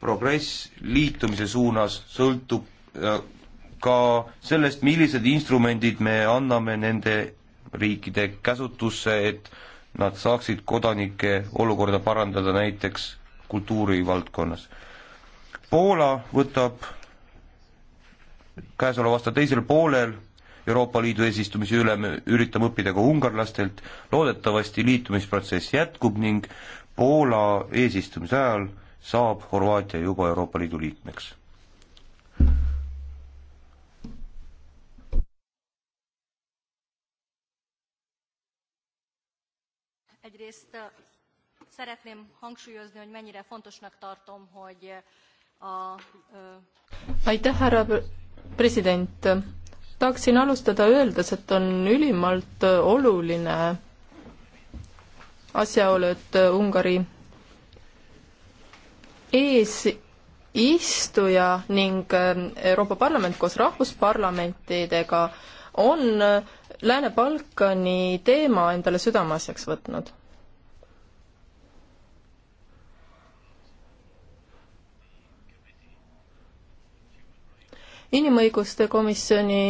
progress liitumise suunas sõltub äh, ka sellest, millised instrumendid me anname nende riikide käsutusse, et nad saaksid kodanike olukorda parandada näiteks kultuurivaldkonnas. Poola võtab käesoleva aasta teisel poolel Euroopa Liidu eesistumise üle me üritame õppida ka ungarlastelt, loodetavasti liitumisprotsess jätkub ning Poola eesistumise ajal saab Horvaatia juba Euroopa Liidu liikmeks Egyrészt szeretném hangsúlyozni, hogy mennyire fontosnak tartom, hogy a... Aitäh, härra president! tahaksin alustada öeldes, et on ülimalt oluline asjaolu, et Ungari eesistuja ning Euroopa Parlament koos rahvusparlamentidega on Lääne-Balkani teema endale südameasjaks võtnud inimõiguste komisjoni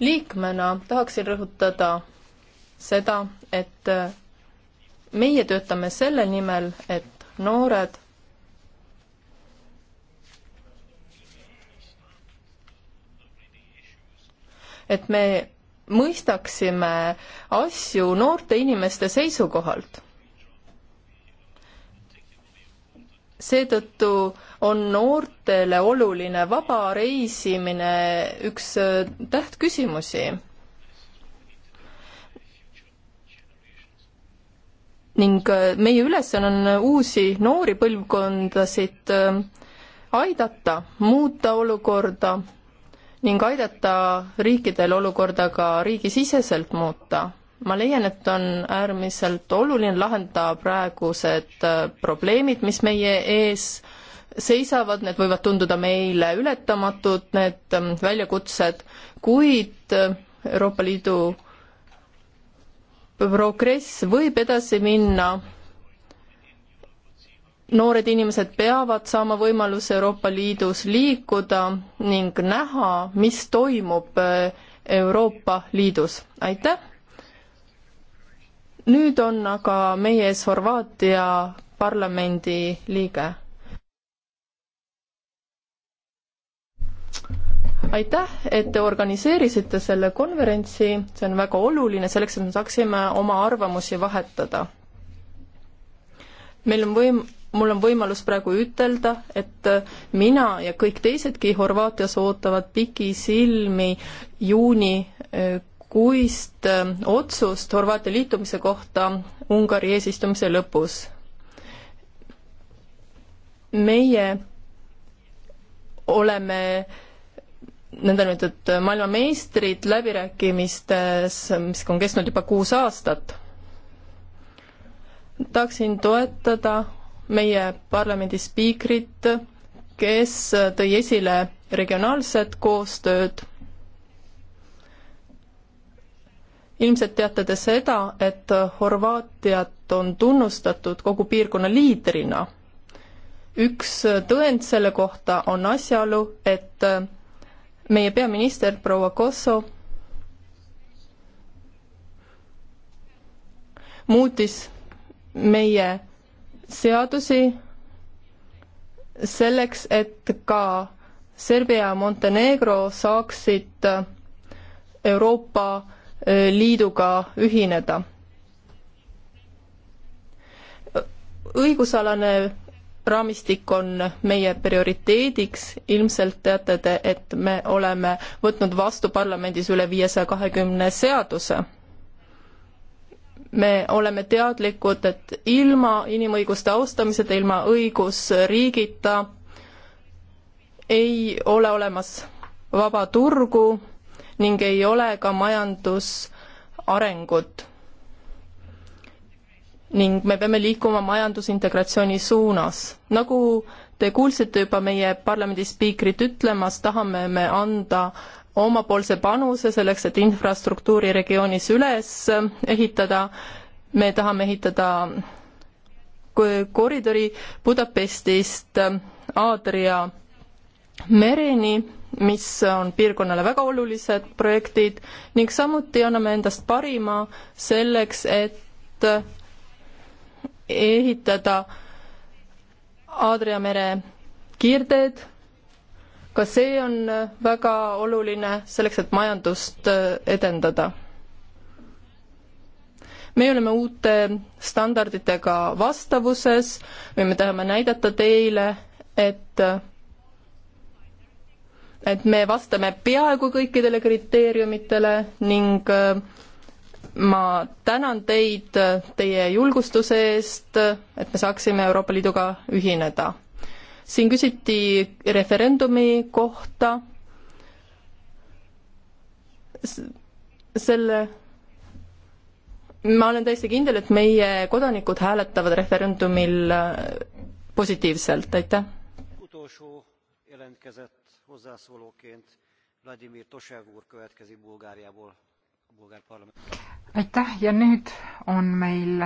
liikmena tahaksin rõhutada seda, et meie töötame selle nimel, et noored et me mõistaksime asju noorte inimeste seisukohalt. seetõttu on noortele oluline vaba reisimine üks äh, tähtküsimusi. ning äh, meie ülesanne on uusi noori põlvkondasid äh, aidata, muuta olukorda ning aidata riikidel olukorda ka riigisiseselt muuta. ma leian, et on äärmiselt oluline lahendada praegused probleemid, mis meie ees seisavad, need võivad tunduda meile ületamatud, need ähm, väljakutsed, kuid äh, Euroopa Liidu progress võib edasi minna. noored inimesed peavad saama võimaluse Euroopa Liidus liikuda ning näha, mis toimub äh, Euroopa Liidus. aitäh! nüüd on aga meie ees Horvaatia parlamendi liige aitäh, et te organiseerisite selle konverentsi, see on väga oluline selleks, et me saaksime oma arvamusi vahetada. meil on võim-, mul on võimalus praegu ütelda, et mina ja kõik teisedki Horvaatias ootavad pikisilmi juunikuist eh, eh, otsust Horvaatia liitumise kohta Ungari eesistumise lõpus. meie oleme nõndanimetatud maailmameistrid läbirääkimistes, mis on kestnud juba kuus aastat. tahaksin toetada meie parlamendi spiikrit, kes tõi esile regionaalset koostööd. ilmselt teate te seda, et Horvaatiat on tunnustatud kogu piirkonna liidrina. üks tõend selle kohta on asjaolu, et meie peaminister proua Kosso muutis meie seadusi selleks, et ka Serbia ja Montenegro saaksid Euroopa äh, Liiduga ühineda. õigusalane raamistik on meie prioriteediks, ilmselt teate te, et me oleme võtnud vastu parlamendis üle viiesaja kahekümne seaduse. me oleme teadlikud, et ilma inimõiguste austamiseta, ilma õigusriigita ei ole olemas vaba turgu ning ei ole ka majandusarengut ning me peame liikuma majandusintegratsiooni suunas. nagu te kuulsite juba meie parlamendi spiikrit ütlemas, tahame me anda omapoolse panuse selleks, et infrastruktuuri regioonis üles ehitada, me tahame ehitada koridori Budapestist Aadria mereni, mis on piirkonnale väga olulised projektid, ning samuti anname endast parima selleks, et ehitada Aadria mere kiirteed, ka see on väga oluline selleks, et majandust äh, edendada. meie oleme uute standarditega vastavuses või me tahame näidata teile, et äh, et me vastame peaaegu kõikidele kriteeriumitele ning äh, ma tänan teid teie julgustuse eest, et me saaksime Euroopa Liiduga ühineda. siin küsiti referendumi kohta, selle, ma olen täiesti kindel, et meie kodanikud hääletavad referendumil positiivselt, aitäh. Vladimir Tosev úr következik Bulgáriából aitäh ja nüüd on meil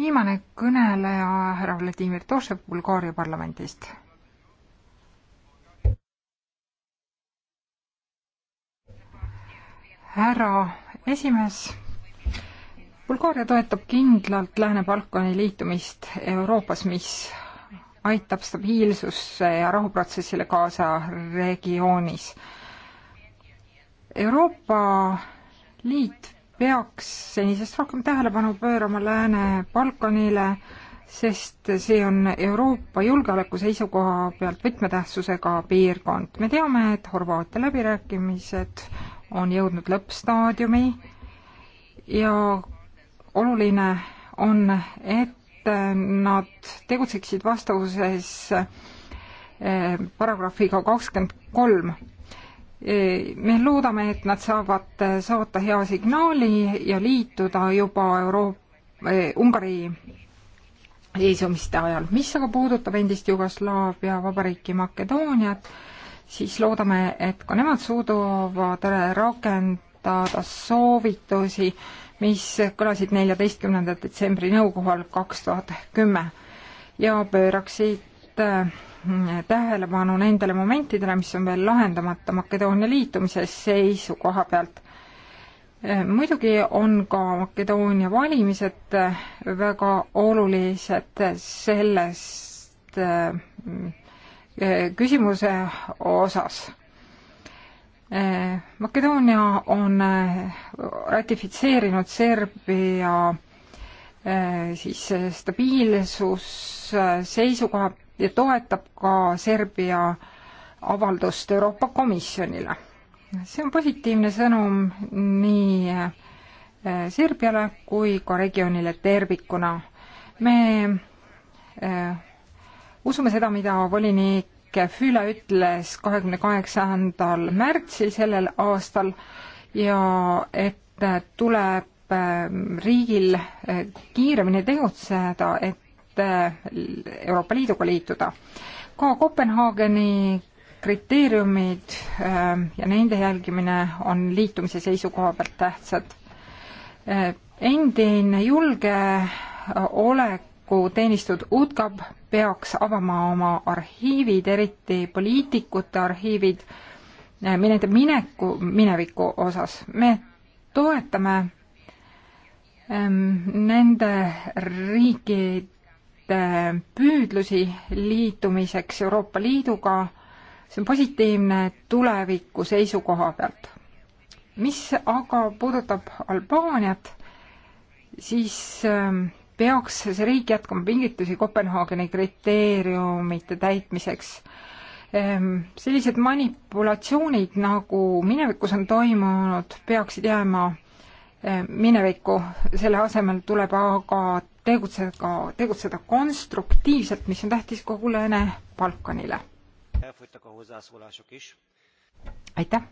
viimane kõneleja härra Vladimir Tošev Bulgaaria parlamendist. härra esimees, Bulgaaria toetab kindlalt Lääne-Balkani liitumist Euroopas, mis aitab stabiilsusse ja rahuprotsessile kaasa regioonis Euroopa Liit peaks senisest rohkem tähelepanu pöörama Lääne-Balkanile, sest see on Euroopa julgeoleku seisukoha pealt võtmetähtsusega piirkond. me teame, et Horvaatia läbirääkimised on jõudnud lõppstaadiumi ja oluline on, et nad tegutseksid vastavuses eh, paragrahviga kakskümmend kolm me loodame, et nad saavad saata hea signaali ja liituda juba Euroopa, eh, Ungari eesumiste ajal. mis aga puudutab endist Jugoslaavia vabariiki Makedooniat, siis loodame, et ka nemad suudavad rakendada soovitusi, mis kõlasid neljateistkümnendal detsembril nõukohal kaks tuhat kümme ja pööraksid eh, tähelepanu nendele momentidele, mis on veel lahendamata Makedoonia liitumise seisukoha pealt. muidugi on ka Makedoonia valimised väga olulised sellest äh, küsimuse osas äh, Makedoonia on äh, ratifitseerinud Serbia siis stabiilsus seisukoha ja toetab ka Serbia avaldust Euroopa Komisjonile. see on positiivne sõnum nii eh, Serbiale kui ka regioonile tervikuna. me eh, usume seda, mida volinik Füle ütles kahekümne kaheksandal märtsil sellel aastal ja et tuleb eh, riigil kiiremini tegutseda, et Äh, Euroopa Liiduga liituda. ka Kopenhaageni kriteeriumid äh, ja nende jälgimine on liitumise seisukoha pealt tähtsad. Äh, endine julgeolekuteenistud UTCAP peaks avama oma arhiivid, eriti poliitikute arhiivid, nende mineku, mineviku osas. me toetame ähm, nende riikide Eh, püüdlusi liitumiseks Euroopa Liiduga, see on positiivne tuleviku seisukoha pealt. mis aga puudutab Albaaniat, siis eh, peaks see riik jätkama pingutusi Kopenhaageni kriteeriumite täitmiseks. Eh, sellised manipulatsioonid, nagu minevikus on toimunud, peaksid jääma minevikku, selle asemel tuleb aga tegutseda, tegutseda konstruktiivselt, mis on tähtis kogu Lääne-Balkanile. aitäh!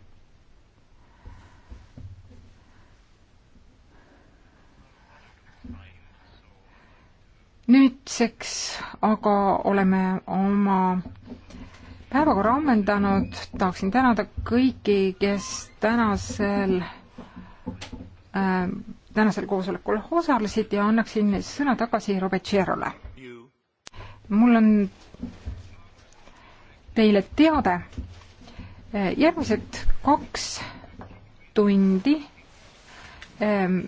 nüüdseks aga oleme oma päevakorra ammendanud, tahaksin tänada kõiki, kes tänasel äh, tänasel koosolekul osalesid ja annaksin sõna tagasi Robert Sherole. mul on teile teade. järgmised kaks tundi ähm,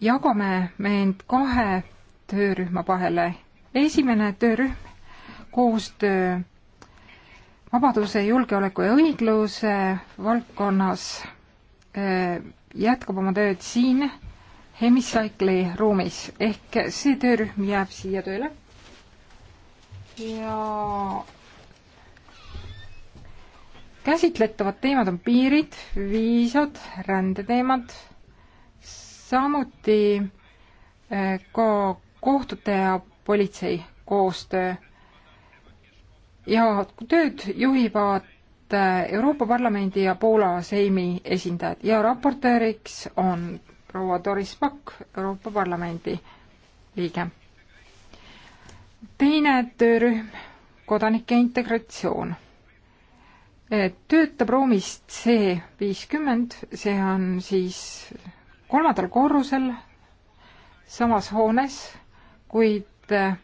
jagame me end kahe töörühma vahele. esimene töörühm, koostöö vabaduse, julgeoleku ja õigluse valdkonnas äh, jätkab oma tööd siin Hemicycle'i ruumis ehk see töörühm jääb siia tööle ja käsitletavad teemad on piirid, viisad, rändeteemad, samuti eh, ka kohtute ja politsei koostöö ja tööd juhivad osalevad äh, Euroopa Parlamendi ja Poola Seimi esindajad ja raportööriks on proua Doris Pakk, Euroopa Parlamendi liige. teine töörühm, kodanike integratsioon, äh, töötab ruumist C viiskümmend, see on siis kolmandal korrusel samas hoones, kuid äh,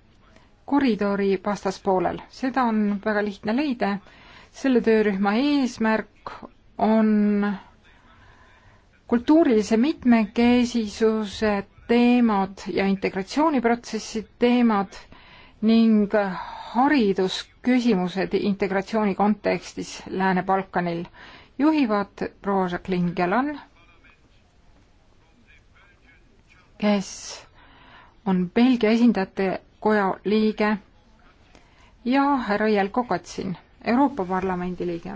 koridori vastaspoolel. seda on väga lihtne leida selle töörühma eesmärk on kultuurilise mitmekesisuse teemad ja integratsiooniprotsessi teemad ning haridusküsimused integratsiooni kontekstis Lääne-Balkanil juhivad proua Jacqueline Gellan, kes on Belgia esindajate koja liige ja härra Jelko Katsin Euroopa Parlamendi liige.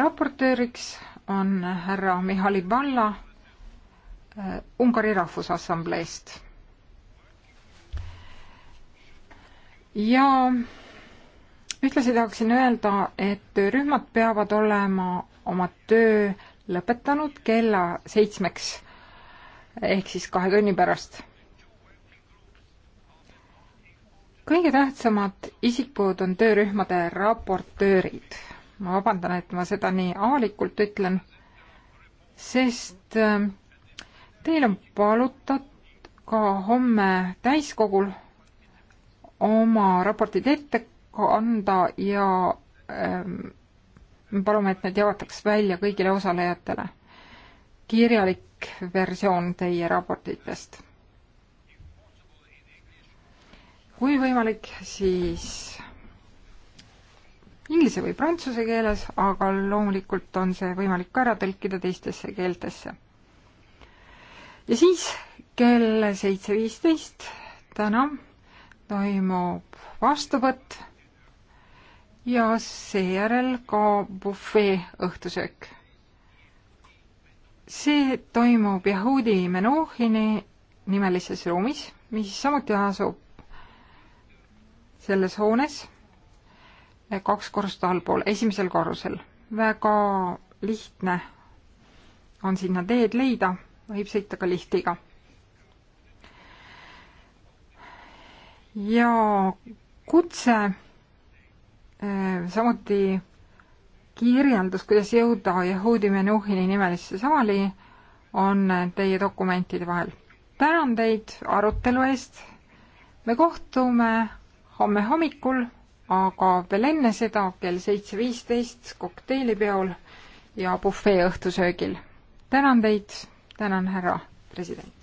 raportööriks on härra Mihhail Valla äh, Ungari Rahvusassambleest. ja ühtlasi tahaksin öelda, et töörühmad peavad olema oma töö lõpetanud kella seitsmeks ehk siis kahe tunni pärast kõige tähtsamad isikud on töörühmade raportöörid. ma vabandan, et ma seda nii avalikult ütlen, sest ähm, teil on palutud ka homme täiskogul oma raportid ette anda ja ähm, palume, et need jagataks välja kõigile osalejatele. kirjalik versioon teie raportitest kui võimalik, siis inglise või prantsuse keeles, aga loomulikult on see võimalik ka ära tõlkida teistesse keeltesse. ja siis kell seitse viisteist täna toimub vastuvõtt ja seejärel ka bufee õhtusöök. see toimub Yahudi Menuhini nimelises ruumis, mis samuti asub selles hoones, kaks korrust allpool, esimesel korrusel. väga lihtne on sinna teed leida, võib sõita ka liftiga. ja kutse eh, samuti kirjeldas, kuidas jõuda Yehudi Menuhini nimelisse saali, on teie dokumentide vahel. tänan teid arutelu eest, me kohtume homme hommikul, aga veel enne seda kell seitse viisteist kokteilipeol ja bufee õhtusöögil. tänan teid, tänan härra president.